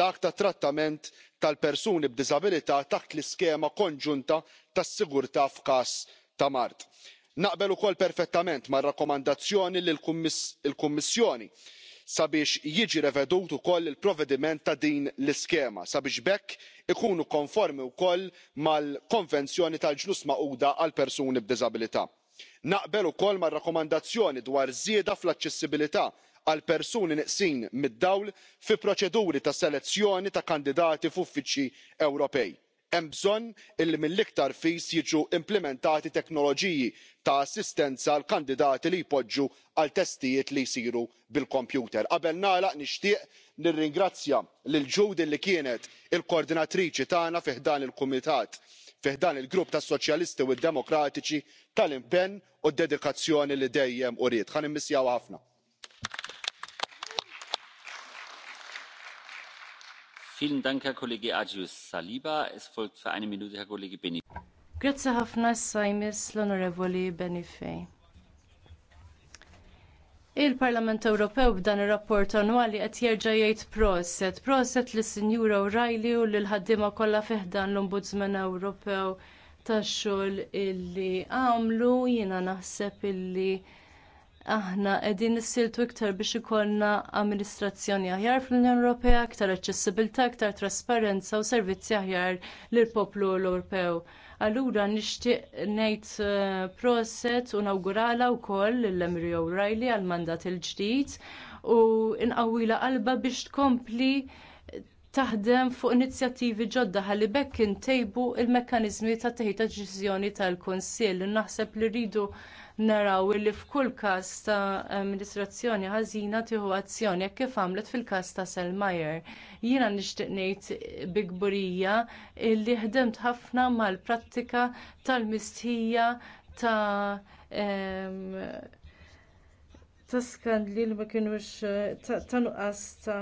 dak tat-trattament tal persuni b'diżabilità taħt l-iskema konġunta tas-sigurtà f'każ ta' mard. naqbel ukoll perfettament mar-rakkomandazzjoni li l kummissjoni sabiex jiġi revedut ukoll il provvediment ta' din l iskema sabiex b'hekk ikunu konformi wkoll mal konvenzjoni tal ġnus magħquda għal persuni b'diżabilità. naqbel ukoll mar-rakkomandazzjoni dwar żieda fl-aċċessibilità għal persuni nieqsin mid dawl fi proċeduri ta' selezzjoni ta' kandidati f'uffiċċji ewropej hemm bżonn li mill-iktar fis jiġu implementati teknoloġiji ta' assistenza għal kandidati li jpoġġu għal testijiet li jsiru bil kompjuter. qabel nagħlaq nixtieq nirringrazzja lil judy li kienet il koordinatriċi tagħna fi dan il kumitat fi dan il grupp tas-soċjalisti u demokratiċi tal impenn u d dedikazzjoni li dejjem uriet. ħa nimmissjaw ħafna. Grazzi ħafna Sajmis l-Onorevoli Benifej. Il-Parlament Ewropew b'dan ir-rapport annwali qed jerġa' jgħid proset, proset lis sinjura O'Reilly u lil ħaddiema kollha fiħdan l-Ombudsman Ewropew tax-xogħol illi għamlu jiena naħseb illi aħna qegħdin nissiltu iktar biex ikollna amministrazzjoni aħjar fl-Unjoni Ewropea, iktar aċċessibilta, iktar trasparenza u servizzi aħjar lill poplu Ewropew. Allura nixtieq ngħid eh, proset u nawgurala wkoll lill-Emri O'Reilly għall mandat il-ġdid u nqawwila qalba biex tkompli taħdem fuq inizjattivi ġodda ħalli bekk intejbu l mekkaniżmi ta' teħita deċiżjoni tal-Kunsill. Naħseb li rridu naraw li f'kull każ ta' amministrazzjoni ħażina tieħu azzjoni jekk kif għamlet fil-każ ta' Selmayer. Jiena nixtieq ngħid bi kburija li ħdemt ħafna mal-prattika tal-mistħija ta' ta' skandli li ma kienux ta' nuqqas ta'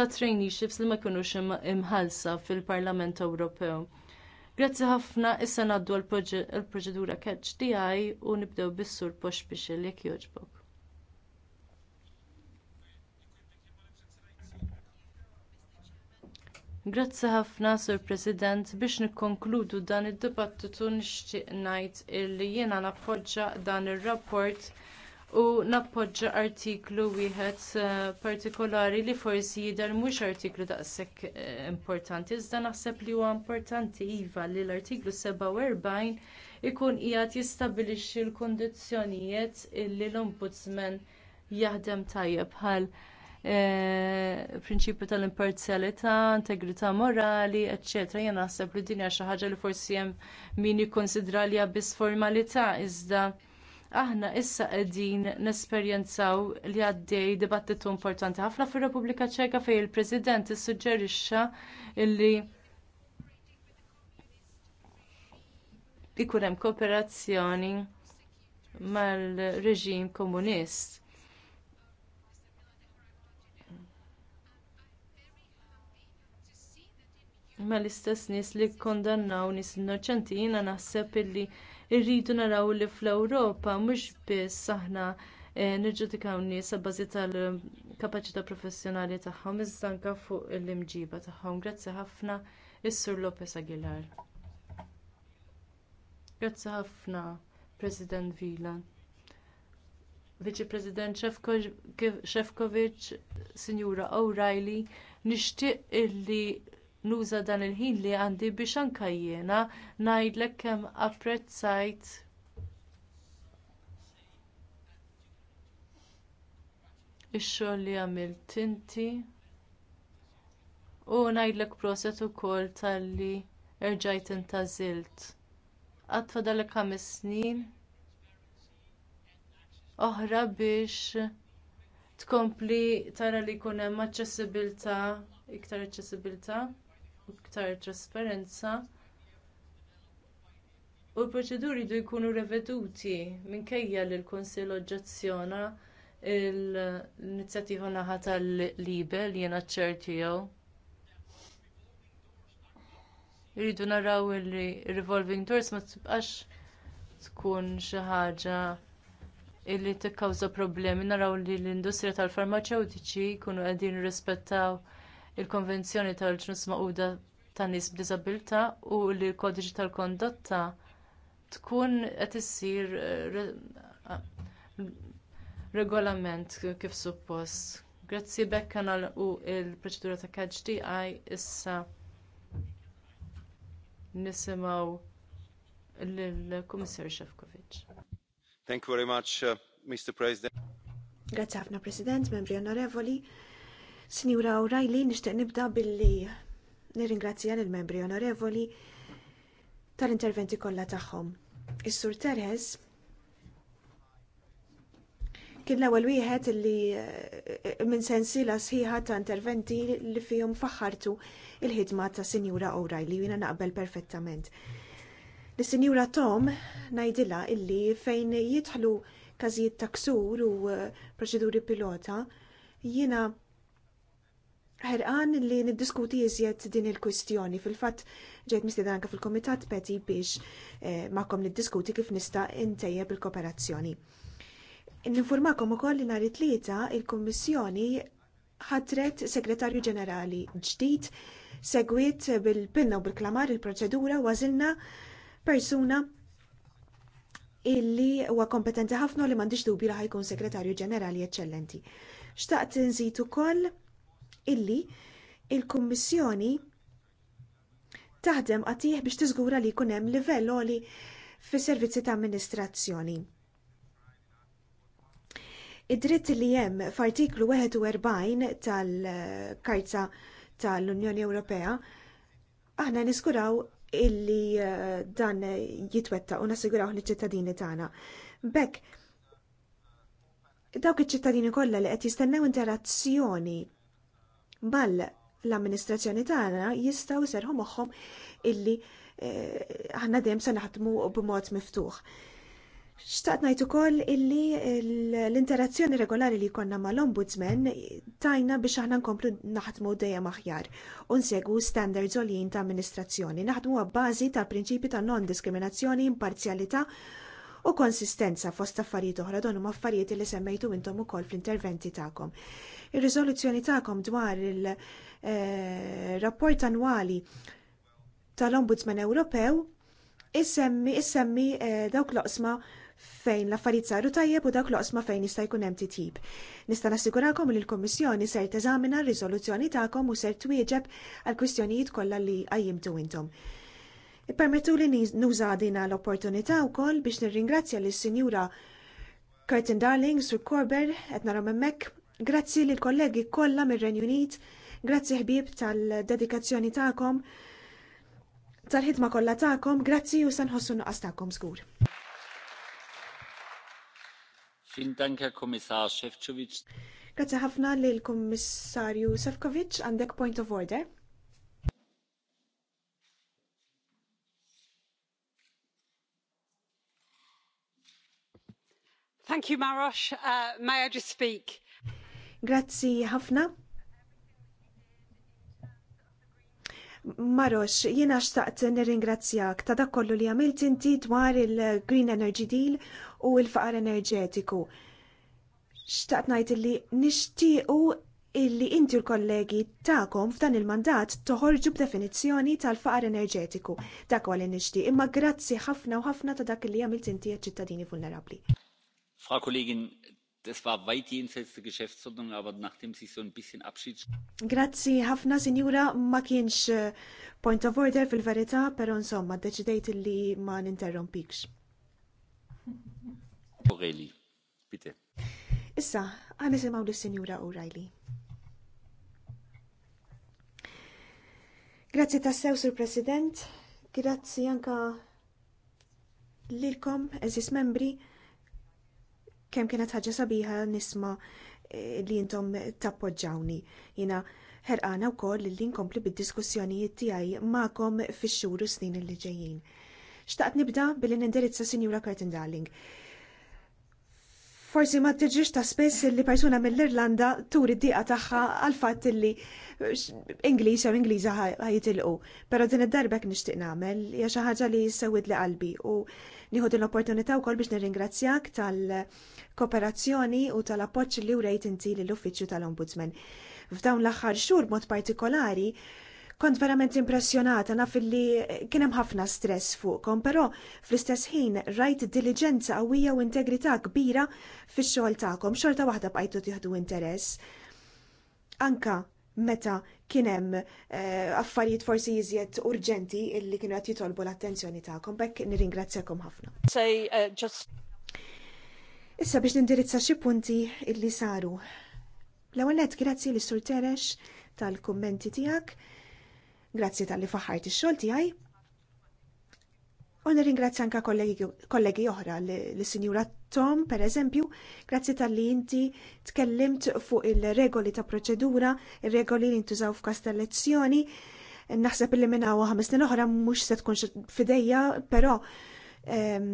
ta' traineeships li ma kinux imħallsa fil-Parlament Ewropew. Grazzi ħafna, issa naddu l-proċedura catch DI u nibdew bis-sur pox biex jek joġbok. Grazzi ħafna, Sur President, biex nikkonkludu dan id-dibattitu nixtieq ngħid illi jiena nappoġġa dan ir-rapport il u nappoġġa artiklu wieħed eh, partikolari li forsi jidher mhux artiklu daqshekk eh, importanti, iżda naħseb li huwa importanti iva li l-artiklu 47 ikun qiegħed jistabbilixxi l-kundizzjonijiet li l-Ombudsman jaħdem tajjeb bħal eh, prinċipju tal-imparzjalità, integrità morali, eċċetera. Jien naħseb li din hija xi ħaġa li forsi hemm min jikkonsidra li biss formalità iżda aħna issa qegħdin nesperjenzaw li għaddej dibattitu importanti ħafna fir-Repubblika Ċeka fejn il-President issuġġerixxa li ikun hemm kooperazzjoni mal-reġim komunist. mal istess nies li kkondannaw nies innoċenti jiena naħseb illi irridu naraw li fl-Ewropa mhux biss aħna eh, nirġudikaw nies bażi tal-kapaċità professjonali tagħhom iżda anke fuq l-imġiba tagħhom. Grazzi ħafna is-Sur Lopez Aguilar. Grazzi ħafna President Vila. Viċi President Shefkovic, Sinjura O'Reilly, nixtieq illi nuża dan il-ħin li għandi biex anke jiena ngħidlek kemm apprezzajt ix-xogħol li għamilt inti u ngħidlek proset ukoll talli erġajt intażilt. Qatt fadalek ħames snin oħra biex tkompli tara li jkun hemm aċċessibilità iktar aċċessibilità iktar trasparenza u l-proċeduri jdu jkunu reveduti minkejja li l-Kunsill oġġezzjona l-inizjattiva naħa tal-libe li jena jew. Iridu naraw li revolving doors ma tibqax tkun xi ħaġa li tikkawża problemi. Naraw li l-industrija tal-farmaceutiċi jkunu qegħdin rispettaw il-Konvenzjoni tal-ġnus Magħquda tan nies b'diżabilità u li l-kodiġi tal-kondotta tkun qed issir eh, eh, regolament kif suppost. Grazzi bekk nagħlqu l proċedura ta' KHDI issa nisimgħu lill-Kummissarju Shevkovic. Thank you very much, uh, Mr. President. Grazzi ħafna President, membri onorevoli. Sinjura O'Reilly nixtieq nibda billi nirringrazzja lill membri onorevoli tal-interventi kollha tagħhom. Is-Sur Terhes kien l-ewwel wieħed li eh, eh, minn sensiela sħiħa ta' interventi li fihom faħħartu il-ħidma ta' Sinjura O'Reilly jiena naqbel perfettament. Lis-Sinjura Tom ngħidilha illi fejn jidħlu każijiet ta' ksur u eh, proċeduri pilota jiena ħerqan li niddiskuti iżjed din il-kwistjoni. Fil-fatt ġejt mistieda anke fil-Komitat Peti biex eh, makom niddiskuti kif nista' ntejjeb il-kooperazzjoni. Ninformakom ukoll li nhar it-tlieta il-Kummissjoni ħatret Segretarju Ġenerali ġdid segwiet bil-pinna u bil-klamar il-proċedura ważilna persuna illi huwa kompetenti ħafna li m'għandix dubju li ħajkun Segretarju Ġenerali eċċellenti. Xtaqt nżid ukoll illi il-Kummissjoni taħdem għatih biex tiżgura li jkun hemm livell għoli fis servizzi ta' amministrazzjoni. Id-dritt li hemm f'artiklu 41 tal-Karta tal-Unjoni Ewropea aħna niskuraw illi eh, dan jitwetta u nasigurawh li ċittadini tagħna. Bekk dawk iċ-ċittadini kollha li qed jistennew interazzjoni ball l-amministrazzjoni tagħna jistgħu jserħu moħħom illi eh, aħna dejjem se naħdmu b'mod miftuħ. Xtaqt ngħid ukoll illi l-interazzjoni regolari li jkollna mal-ombudsman tajna biex aħna nkomplu naħdmu dejjem aħjar u nsegwu standards għoljin ta' amministrazzjoni. Naħdmu għabbażi tal-prinċipi ta' non-diskriminazzjoni, imparzjalità u konsistenza fost affarijiet oħra don huma affarijiet li semmejtu intom ukoll fl-interventi tagħkom. Ir-riżoluzzjoni tagħkom dwar il-rapport eh, annwali tal-Ombudsman Ewropew issemmi issemmi eh, dawk loqsma fejn l-affarijiet saru tajjeb u dawk loqsma fejn jista' jkun hemm titjib. Nista' nassigurakom li l-Kummissjoni ser teżamina r-riżoluzzjoni tagħkom u ser twieġeb għall kwistjonijiet kollha li qajjimtu intom. Permettu li nuża l-opportunità wkoll biex nirringrazzja s sinjura Curtin Darling, Sur Corber, qed narhom hemmhekk. Grazzi lill kollegi kollha mir-Renju Unit, grazzi ħbieb tal-dedikazzjoni tagħkom, tal-ħidma kollha tagħkom, grazzi u se nħossu nuqqas tagħkom żgur. Vielen Dank, Herr Kommissar Šefčovič. Grazie ħafna lill kummissarju Sefcovic, għandek point of order. Thank you, Marosh. Uh, may I just speak? Grazzi ħafna. Marosh, jiena xtaqt nirringrazzjak ta' dak kollu li għamilt inti dwar il-Green Energy Deal u il-faqar enerġetiku. Xtaqt najt li nishtiqu illi inti u l-kollegi ta'kom f'dan il-mandat toħorġu b'definizzjoni tal-faqar enerġetiku. Dak għal nishtiq, imma grazzi ħafna u ħafna ta' dak li għamilt inti għal ċittadini vulnerabli. Frau Kollegin, das war weit jenseits der Geschäftsordnung, aber nachdem Sie so ein bisschen Abschied. Grazzi ħafna, Sinjura, ma kienx eh, point of order fil-verità, però insomma, deċidejt li ma ninterrompikx. O'Reilly, bitte. Issa, għan nisimaw li Sinjura O'Reilly. Grazzi tassew, Sur President. Grazzi anka lilkom, eżis membri kemm kienet ħaġa sabiħa nisma eh, li intom tappoġġawni. Jina ħerqana wkoll li nkompli bid-diskussjonijiet tiegħi ma'kom fix xxur u snin li ġejjin. Xtaqt nibda billi nindirizza Sinjura Curtin Darling. Forsi ma tiġix ta' spess li persuna mill-Irlanda turi d-diqa tagħha għal fatt li Ingliż jew Ingliża ħajitilqu. Però din id-darbek nixtieq nagħmel hija xi ħaġa li sewwid li qalbi u Nieħu din l-opportunità wkoll biex nirringrazzjak tal-kooperazzjoni u tal-appoġġ li rejt inti lill-Uffiċċju tal-Ombudsman. F'dawn l-aħħar xhur mod partikolari kont verament impressjonata naf li kien hemm ħafna stress fuqkom, però fl-istess ħin rajt diligenza qawwija u integrità kbira fix-xogħol tagħkom, xorta waħda bqajtu tieħdu interess. Anka meta kien hemm eh, affarijiet forsi iżjed urġenti illi kienu qed jitolbu l-attenzjoni tagħkom bekk nirringrazzjakom ħafna. Uh, Issa biex nindirizza xi punti illi saru. L-ewwel nett grazzi lis sur Terex tal-kummenti tiegħek, grazzi tal-li faħħart il xogħol tiegħi. U nirringrazzja anka kollegi oħra li sinjura Tom, per eżempju, grazzi tal-li inti tkellimt fuq il-regoli ta' proċedura, il-regoli li intużaw f'kas tal-lezzjoni. Naħseb li minna u ħames oħra mux se tkunx fidejja, pero ehm,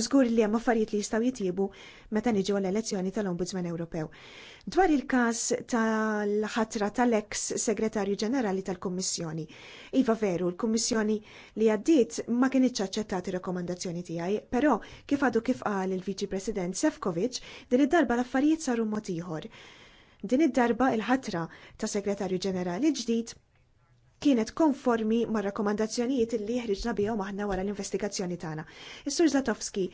Żgur li hemm affarijiet li jistgħu jitjiebu meta niġu l elezzjoni tal-Ombudsman Ewropew. Dwar il-każ tal-ħatra tal-eks Segretarju Ġenerali tal-Kummissjoni. Iva veru, l-Kummissjoni li għaddiet ma kienitx aċċettat ir-rakkomandazzjoni tiegħi, però kif għadu kif qal il-Viċi President Sefkovic, din id-darba l-affarijiet saru mod ieħor. Din id-darba il-ħatra ta' Segretarju Ġenerali ġdid kienet konformi ma' rakkomandazzjonijiet li ħriġna bihom aħna wara l-investigazzjoni tagħna. Is-Sur Zlatowski,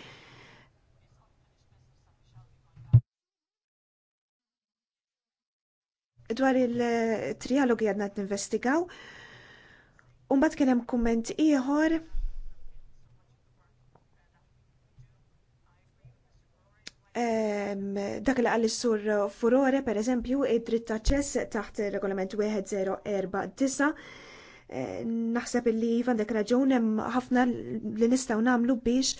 dwar il-trialogi għadna t-investigaw, un bat kienem komment iħor dak li għalli sur furore, per eżempju, id-dritt taċċess taħt regolament 1049. Eh, naħseb li għandek raġun hemm ħafna li nistgħu nagħmlu biex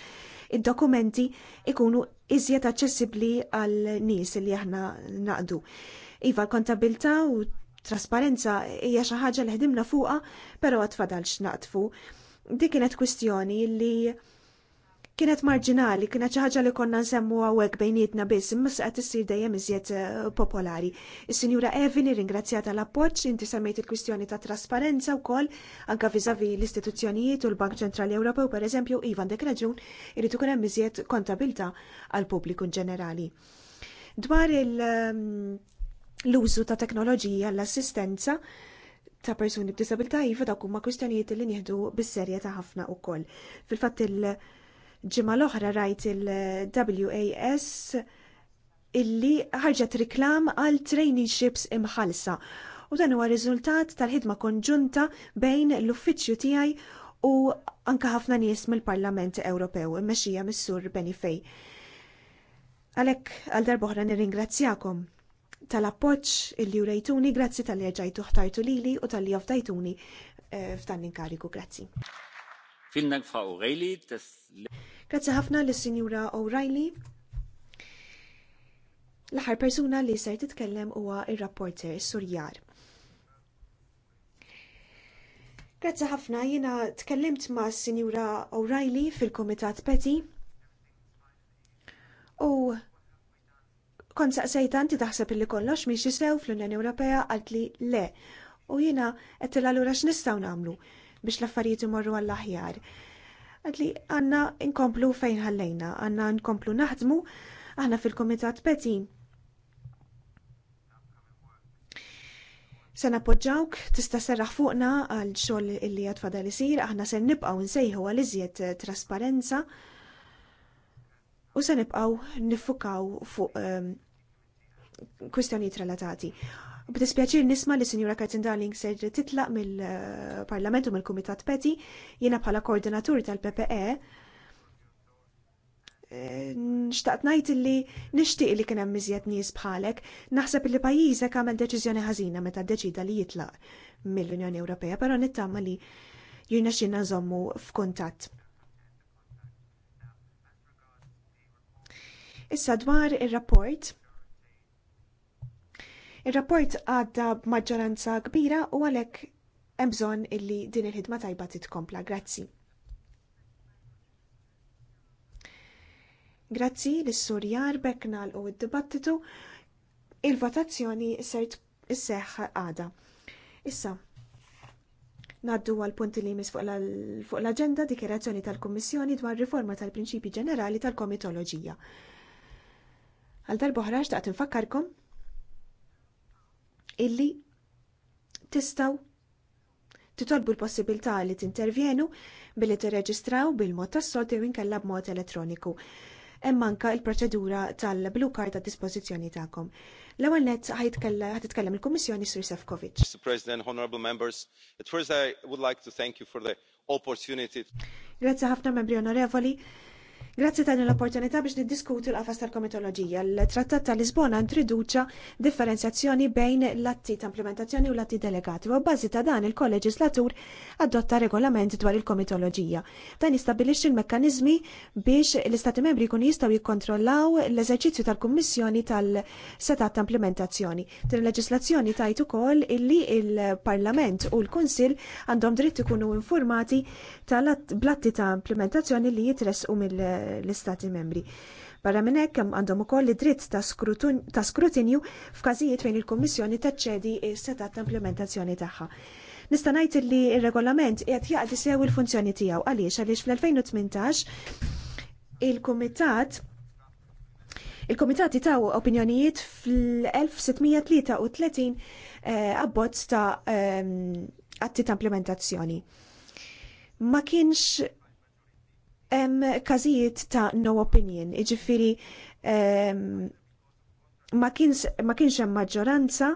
id-dokumenti ikunu iżjed aċċessibbli għal nies li aħna naqdu. Iva l-kontabilta u trasparenza hija xi ħaġa li ħdimna fuqha, però għatfadalx naqtfu. Dik kienet kwistjoni li kienet marġinali, kienet xi ħaġa li konna nsemmu hawnhekk bejnietna biss, imma s-għat qed issir dejjem iżjed eh, popolari. Is-Sinjura Evin ringrazzjat għal appoġġ inti semmejt il-kwistjoni ta' trasparenza wkoll anke vizavi l-istituzzjonijiet u l-Bank Ċentrali Ewropew pereżempju Ivan dek raġun irid ikun hemm iżjed kontabilta għall pubbliku ġenerali. Dwar ehm, l-użu ta' teknoloġija għall assistenza ta' persuni b'disabilità jiva dawk huma kwistjonijiet li nieħdu bis-serjetà ħafna wkoll. Fil-fatt il- ġimma l-oħra rajt il-WAS illi ħarġet riklam għal traineeships imħalsa. U dan huwa riżultat tal-ħidma konġunta bejn l-uffiċċju tiegħi u anka ħafna nies mill-Parlament Ewropew immexxija mis-sur Benifej. Għalhekk għal darba oħra nirringrazzjakom tal-appoġġ illi urejtuni, grazzi tal-li ġajtu ħtajtu lili u tal-li oftajtuni eh, f'dan l-inkariku, grazzi. Grazzi ħafna l sinjura O'Reilly. L-aħħar persuna li ser titkellem huwa ir-rapporter Surjar. Grazzi ħafna jiena tkellimt ma' sinjura O'Reilly fil-Komitat Peti u kont saqsejta inti taħseb illi kollox miex jisew fl-Unjoni Ewropea għalt li le. U jiena qed tilha lura x'nistgħu nagħmlu biex l-affarijiet imorru għall-aħjar. Għadli għanna inkomplu fejn ħallejna, għanna nkomplu naħdmu aħna fil-Komitat Peti. Se napoġġawk tista' serraħ fuqna għal xogħol illi għad fadal isir, aħna se nibqgħu nsejħu għal iżjed trasparenza u se nibqgħu niffukaw fuq ehm, kwistjonijiet relatati. U b'dispjaċir nisma li Sinjura Katin Darling ser titlaq mill-Parlament u mill-Kumitat Peti, jiena bħala koordinatur tal-PPE. Eh, nxtaqt najt li nixtieq li kien hemm iżjed nies bħalek, naħseb li pajjiżek għamel deċiżjoni ħażina meta ddeċida li jitlaq mill-Unjoni Ewropea, però nittama li jirna xinna nżommu f'kuntatt. Issa dwar ir-rapport Ir-rapport għadda maġġoranza kbira u għalhekk hemm bżonn illi din il-ħidma tajba titkompla. Grazzi. Grazzi l sur Jarbek u id-dibattitu. Il-votazzjoni sert isseħħ għada. Issa, Naddu għal punti li mis fuq l-agenda dikjerazzjoni tal-Kommissjoni dwar riforma tal-prinċipi ġenerali tal-komitoloġija. Għal darbohraġ daqt infakkarkom illi tistaw titolbu l-possibilità li tintervjenu billi tirreġistraw bil-mod tas-sodi u inkella b'mod elettroniku. Hemm il l-proċedura tal-Blue Card għad dispożizzjoni tagħkom. L-ewwel nett titkellem il-Kummissjoni Sir Sefcovic. Mr. President, honorable members, at first I would like to thank you for the opportunity. Grazzi ħafna membri onorevoli Grazzi ta' l-opportunità biex niddiskutu l-qafas tal-komitoloġija. L-Trattat tal Lisbona introduċa differenzjazzjoni bejn l-atti ta' implementazzjoni u l-atti delegati. U bbażi ta' dan il-kolleġislatur adotta regolament dwar il-komitoloġija. Dan jistabilixxi l-mekkaniżmi biex l-Istati membri jkunu jistgħu jikkontrollaw l-eżerċizzju tal-Kummissjoni tal-setat ta' implementazzjoni. Din il-leġislazzjoni tajt ukoll illi il-Parlament u l-Kunsill għandhom dritt ikunu informati tal-atti ta' implementazzjoni li jitresqu mill l-istati membri. Barra minn hekk hemm għandhom ukoll id-dritt ta' skrutinju f'każijiet fejn il-Kummissjoni taċċedi s-setat ta' implementazzjoni tagħha. Nista' ngħid li r-regolament qed jaqdi sew il-funzjoni tiegħu għaliex għaliex fl-2018 il-Kumitat il kumitati taw opinjonijiet fl-1633 eh, abbozz ta' ehm, atti ta' implementazzjoni. Ma kienx hemm każijiet ta' no opinion, jiġifieri ma kienx hemm maġġoranza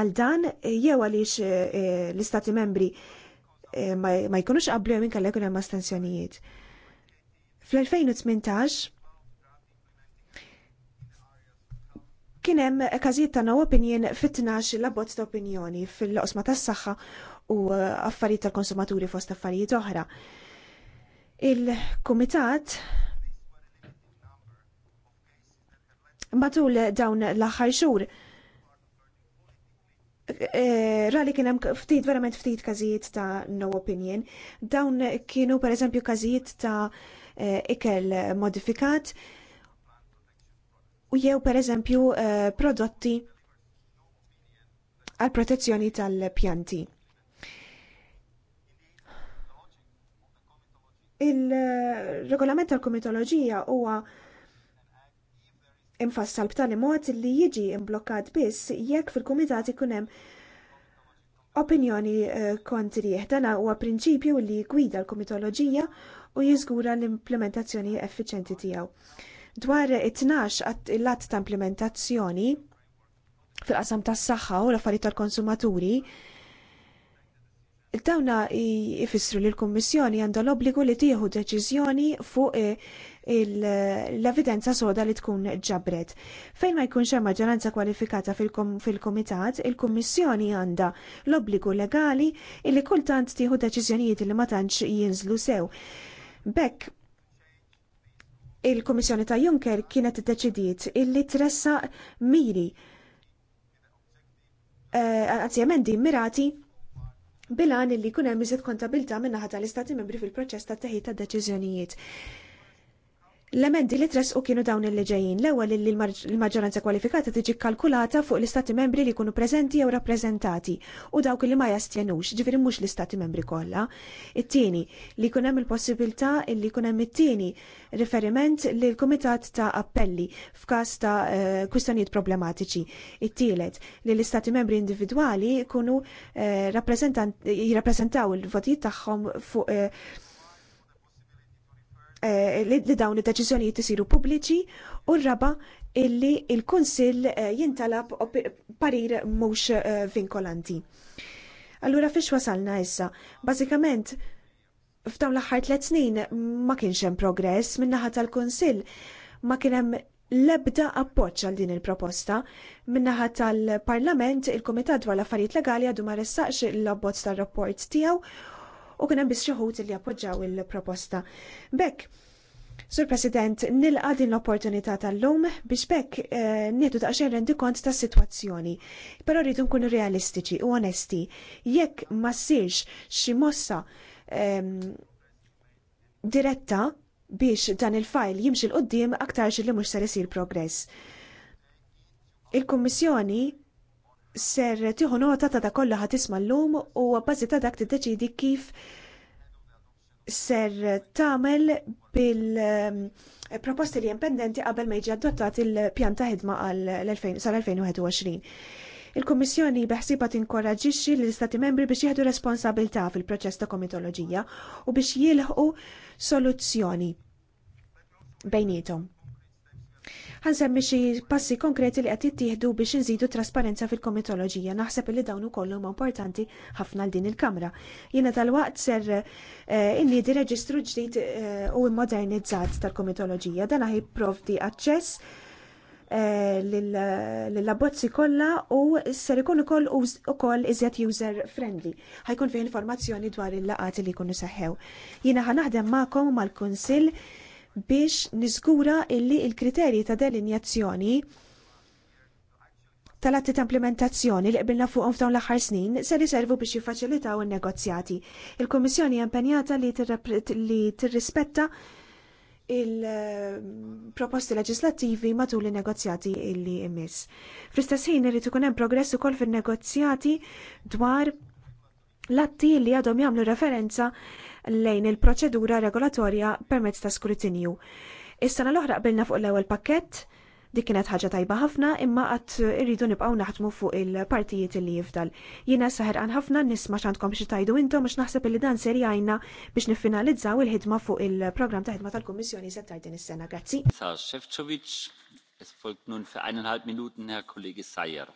għal dan jew għaliex eh, eh, l-istati membri eh, ma jkunux qablu minn inkella jkun hemm astensjonijiet. Fl-2018 kien hemm każijiet ta' no opinion fit-12 l ta' opinjoni fil-qosma tas-saħħa u affarijiet tal-konsumaturi fost affarijiet oħra. Il-Kumitat matul dawn l-aħħar xhur e, rali kien hemm ftit verament ftit każijiet ta' no opinion. Dawn kienu eżempju każijiet ta' e, ikel modifikat u jew pereżempju e, prodotti għal protezzjoni tal-pjanti. Il-regolament tal-komitoloġija huwa imfassal b'tali mod li jiġi imblokkat biss jekk fil-kumitat ikun hemm opinjoni eh, kontrih. Dan huwa prinċipju li gwida l-komitoloġija u jiżgura l-implementazzjoni effiċenti tiegħu. Dwar it-12 il-lat ta' implementazzjoni fil-qasam tas saħħa u l-affarijiet tal-konsumaturi, Dawna jifissru li l-Kommissjoni għandha l-obbligu li tieħu deċiżjoni fuq eh, l-evidenza soda li tkun ġabret. Fejn ma jkunx hemm maġġoranza kwalifikata fil kumitat il-Kummissjoni għandha l-obbligu legali li kultant tieħu deċiżjonijiet li ma tantx jinżlu sew. Bekk, il kummissjoni ta' Juncker kienet iddeċidiet illi tressa miri. Għazzi, eh, emendi mirati bilan illi kunem iżid kontabilta minna ħata l-istati membri fil-proċess ta' teħid ta' deċiżjonijiet. L-emendi li tresqu kienu dawn il ġejjin l-ewwel li l-maġġoranza kwalifikata tiġi kalkulata fuq l-istati membri li jkunu preżenti jew rappreżentati u dawk li ma jastjenux, ġifieri mhux l-istati membri kollha. It-tieni li jkun hemm il-possibilità li jkun hemm it-tieni riferiment lil kumitat ta' appelli f'każ ta' eh, kwistjonijiet problematiċi. It-tielet li l-istati membri individwali jkunu eh, jirrappreżentaw il-votijiet tagħhom fuq eh, Eh, li dawn id-deċiżjonijiet isiru pubbliċi u raba illi il-Kunsill eh, jintalab parir mhux eh, vinkolanti. Allura fiex wasalna issa? Bażikament f'dawn l-aħħar tliet snin ma kienx hemm progress min-naħa tal-Kunsill ma kien hemm l-ebda appoġġ għal din il-proposta min-naħa tal-Parlament il-Kumitat dwar l-Affarijiet Legali għadu ma ressaqx l-abbozz tar-rapport tiegħu u kien hemm biss li appoġġaw il-proposta. Bekk, Sur President, nilqa din l-opportunità tal-lum biex bekk eh, nieħdu xejn rendi kont ta' situazzjoni. Però rridu nkunu realistiċi u onesti. Jekk ma ssirx xi mossa ehm, diretta biex dan il-fajl jimxi l-qoddim aktar li mhux ser isir progress. Il-Kummissjoni ser tieħu nota ta' da kollha ħatisma' llum u bbażi ta' dak tiddeċidi kif ser tagħmel bil-proposti li pendenti qabel ma jiġi adottat il-pjan ta' ħidma sal-2021. Il-Kommissjoni beħsiba tinkoraġixxi l-Istati membri biex jieħdu responsabilità fil-proċess ta' komitoloġija u biex jilħu soluzzjoni bejnietom ħansemmi xi passi konkreti li qed jittieħdu biex inżidu trasparenza fil-komitoloġija. Naħseb li dawn ukoll huma importanti ħafna l din il-Kamra. Jiena tal-waqt ser inni eh, inniedi reġistru ġdid eh, u modernizzat tal-komitoloġija. Dan aħi provdi aċċess eh, l-abbozzi kollha u ser ikun ukoll ukoll iżjed user friendly. Ħajkun fih informazzjoni dwar il-laqati li jkunu seħħew. Jiena naħdem magħkom mal-Kunsill biex niżgura illi il-kriterji ta' delinjazzjoni tal-atti ta' implementazzjoni li qbilna fuqhom f'dawn l-aħħar snin se riservu biex jiffaċilitaw in-negozjati. Il-Kummissjoni impenjata li tirrispetta il-proposti leġislattivi matul il-negozjati illi jmiss. Fl-istess ħin irid ikun hemm progress ukoll fin-negozjati dwar l-atti li għadhom jagħmlu referenza lejn il-proċedura regolatorja permezz ta' skrutinju. Is-sena l-oħra qbilna fuq l-ewwel pakkett, dik kienet ħaġa tajba ħafna imma qatt irridu nibqgħu naħdmu fuq il-partijiet li jifdal. Jiena saħerqan ħafna nisma' x'għandkom xi tajdu intom biex naħseb li dan ser jgħinna biex niffinalizzaw il-ħidma fuq il-programm ta' ħidma tal-Kummissjoni se tgħid din is-sena. Grazzi. Sar Šefčovič, es folgt nun für eineinhalb Minuten Herr Kollege Sajer.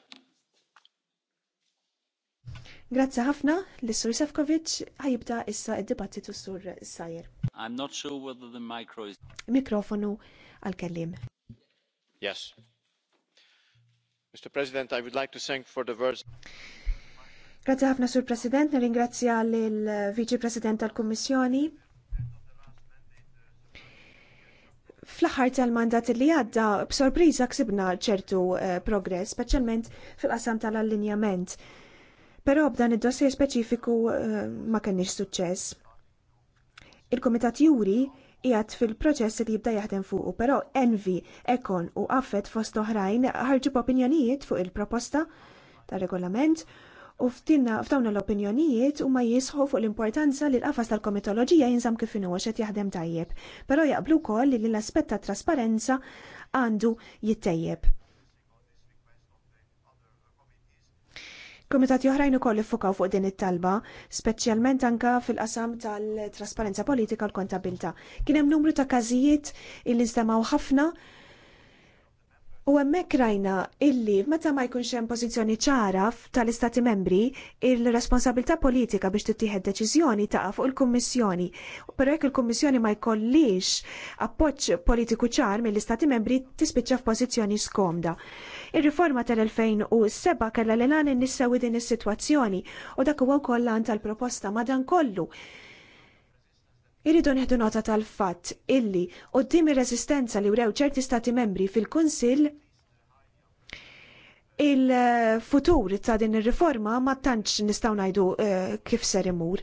Grazzi ħafna li sur Sefkovic ħajibda issa id-dibattitu sur Sajer. I'm not sure whether the micro is... Mikrofonu għal-kellim. Yes. Mr. President, I would like to thank for the words. Grazzi ħafna sur President, nirringrazzja l-Viċi President tal-Kommissjoni. Fl-aħħar tal-mandat li għadda, b'sorpriża ksibna ċertu eh, progress, speċjalment fil-qasam tal-allinjament. Però b'dan id-dossier speċifiku eh, ma kenniex suċċess. Il-Komitat Juri jgħat fil-proċess li jibda jaħdem fuqu, però Envi, Ekon u Affet fost oħrajn ħarġu opinjonijiet fuq il-proposta tar regolament u f'dawn l-opinjonijiet huma jisħu fuq l-importanza li l-qafas tal-komitoloġija jinżam kif inhu qed jaħdem tajjeb, però jaqblu wkoll li l-aspett ta' trasparenza għandu jittejjeb. Komitati oħrajn ukoll iffukaw fuq din it-talba, speċjalment anka fil-qasam tal-trasparenza politika u l-kontabilta. Kien hemm numru ta' każijiet illi żdemaw ħafna U hemmhekk rajna illi meta ma jkunx hemm pożizzjoni ċara tal-Istati membri, il-responsabilità politika biex tittieħed deċiżjoni ta' fuq il-Kummissjoni. Però jekk il-Kummissjoni ma jkollix appoġġ politiku ċar mill-Istati membri tispiċċa f'pożizzjoni skomda. Ir-riforma tal-2007 kellha l-elan nissewi din is-sitwazzjoni u dak huwa wkoll lan tal-proposta madankollu. kollu Irridu nieħdu nota tal-fatt illi qoddim ir-reżistenza li wrew ċerti stati membri fil-Kunsill il-futur ta' din ir-riforma ma tantx nistgħu ngħidu eh, kif ser imur.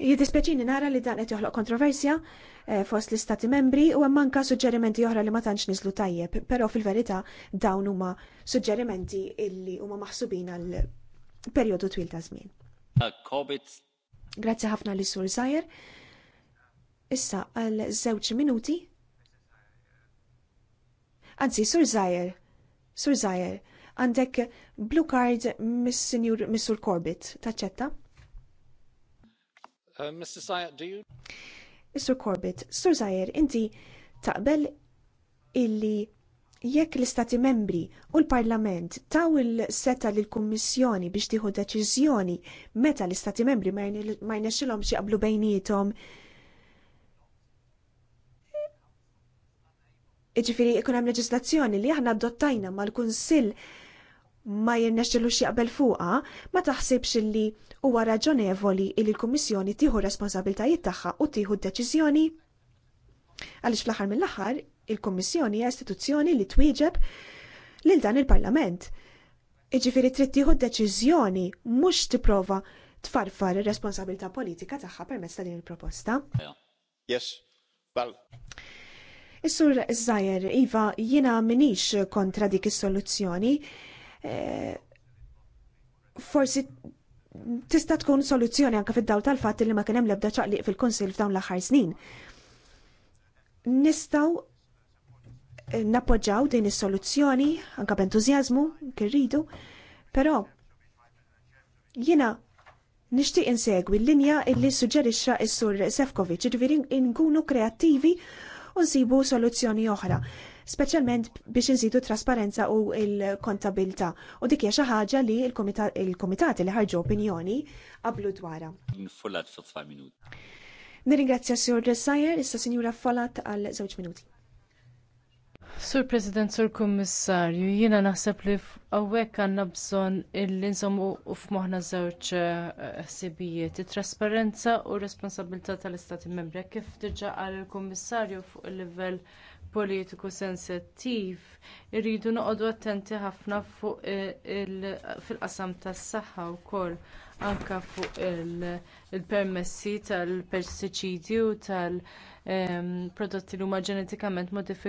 Jiddispjaċini nara li dan qed joħloq kontroversja eh, fost l-istati membri u hemm anke suġġerimenti oħra li ma tantx niżlu tajjeb, però fil-verità dawn huma suġġerimenti illi huma maħsubin għal perjodu twil ta' żmien. Uh, Grazzi ħafna li sur Zajer. Issa għal żewġ minuti. Anzi, sur Zajer, sur Zajer, għandek blue card mis-Sinjur Missur Corbett, taċċetta? Uh, Mr. Zajer, do you? Mr. Corbett, Sur Zajer, inti taqbel illi jekk l-Istati membri u l-Parlament taw il-seta l kummissjoni biex tieħu deċiżjoni meta l-Istati membri ma jnexxilhom xi qablu bejnietom. Iġifieri ikun hemm leġislazzjoni li aħna adottajna mal-Kunsill ma jirnexxilu xi qabel fuqha, ma taħsibx li huwa raġonevoli li l-Kummissjoni tieħu responsabiltajiet tagħha u tieħu d-deċiżjoni? Għaliex fl-aħħar mill-aħħar Il-Kommissjoni hija istituzzjoni li twieġeb lil dan il-Parlament. Iġifieri trid tieħu deċiżjoni mhux tipprova tfarfar ir-responsabilità politika tagħha permezz ta' din il-proposta. Yes, well. Is-sur Zajer, Iva, jiena minix kontra dik is-soluzzjoni. Eh, forsi tista' tkun soluzzjoni anke fid-dawl tal-fatt li ma kien hemm l-ebda ċaqliq fil-Kunsill f'dawn l-aħħar snin. Nistgħu Eh, nappoġġaw din is-soluzzjoni anke b'entużjażmu kirridu, però jiena nixtieq insegwi l-linja illi suġġerixxa s-sur Sefkovic, ġifieri nkunu kreattivi u nsibu soluzzjoni oħra, speċjalment biex inżidu trasparenza u l-kontabilta. U dik hija xi ħaġa li l-komitati li ħarġu opinjoni qablu dwarha. Nirringrazzja s-sur Sajer, issa Sinjura Folat għal żewġ minuti. Sur President, Sur Kummissarju, jiena naħseb li hawnhekk għandna bżonn illi insomu u żewġ eh, ħsibijiet, it-trasparenza u r-responsabilità tal-Istati Membri kif diġà għal il-Kummissarju fuq il-livell politiku sensittiv irridu noqogħdu attenti ħafna fuq eh, fil-qasam tas-saħħa wkoll anke fuq il-permessi tal pesticidi ehm, u tal-prodotti li huma ġenetikament modifikati.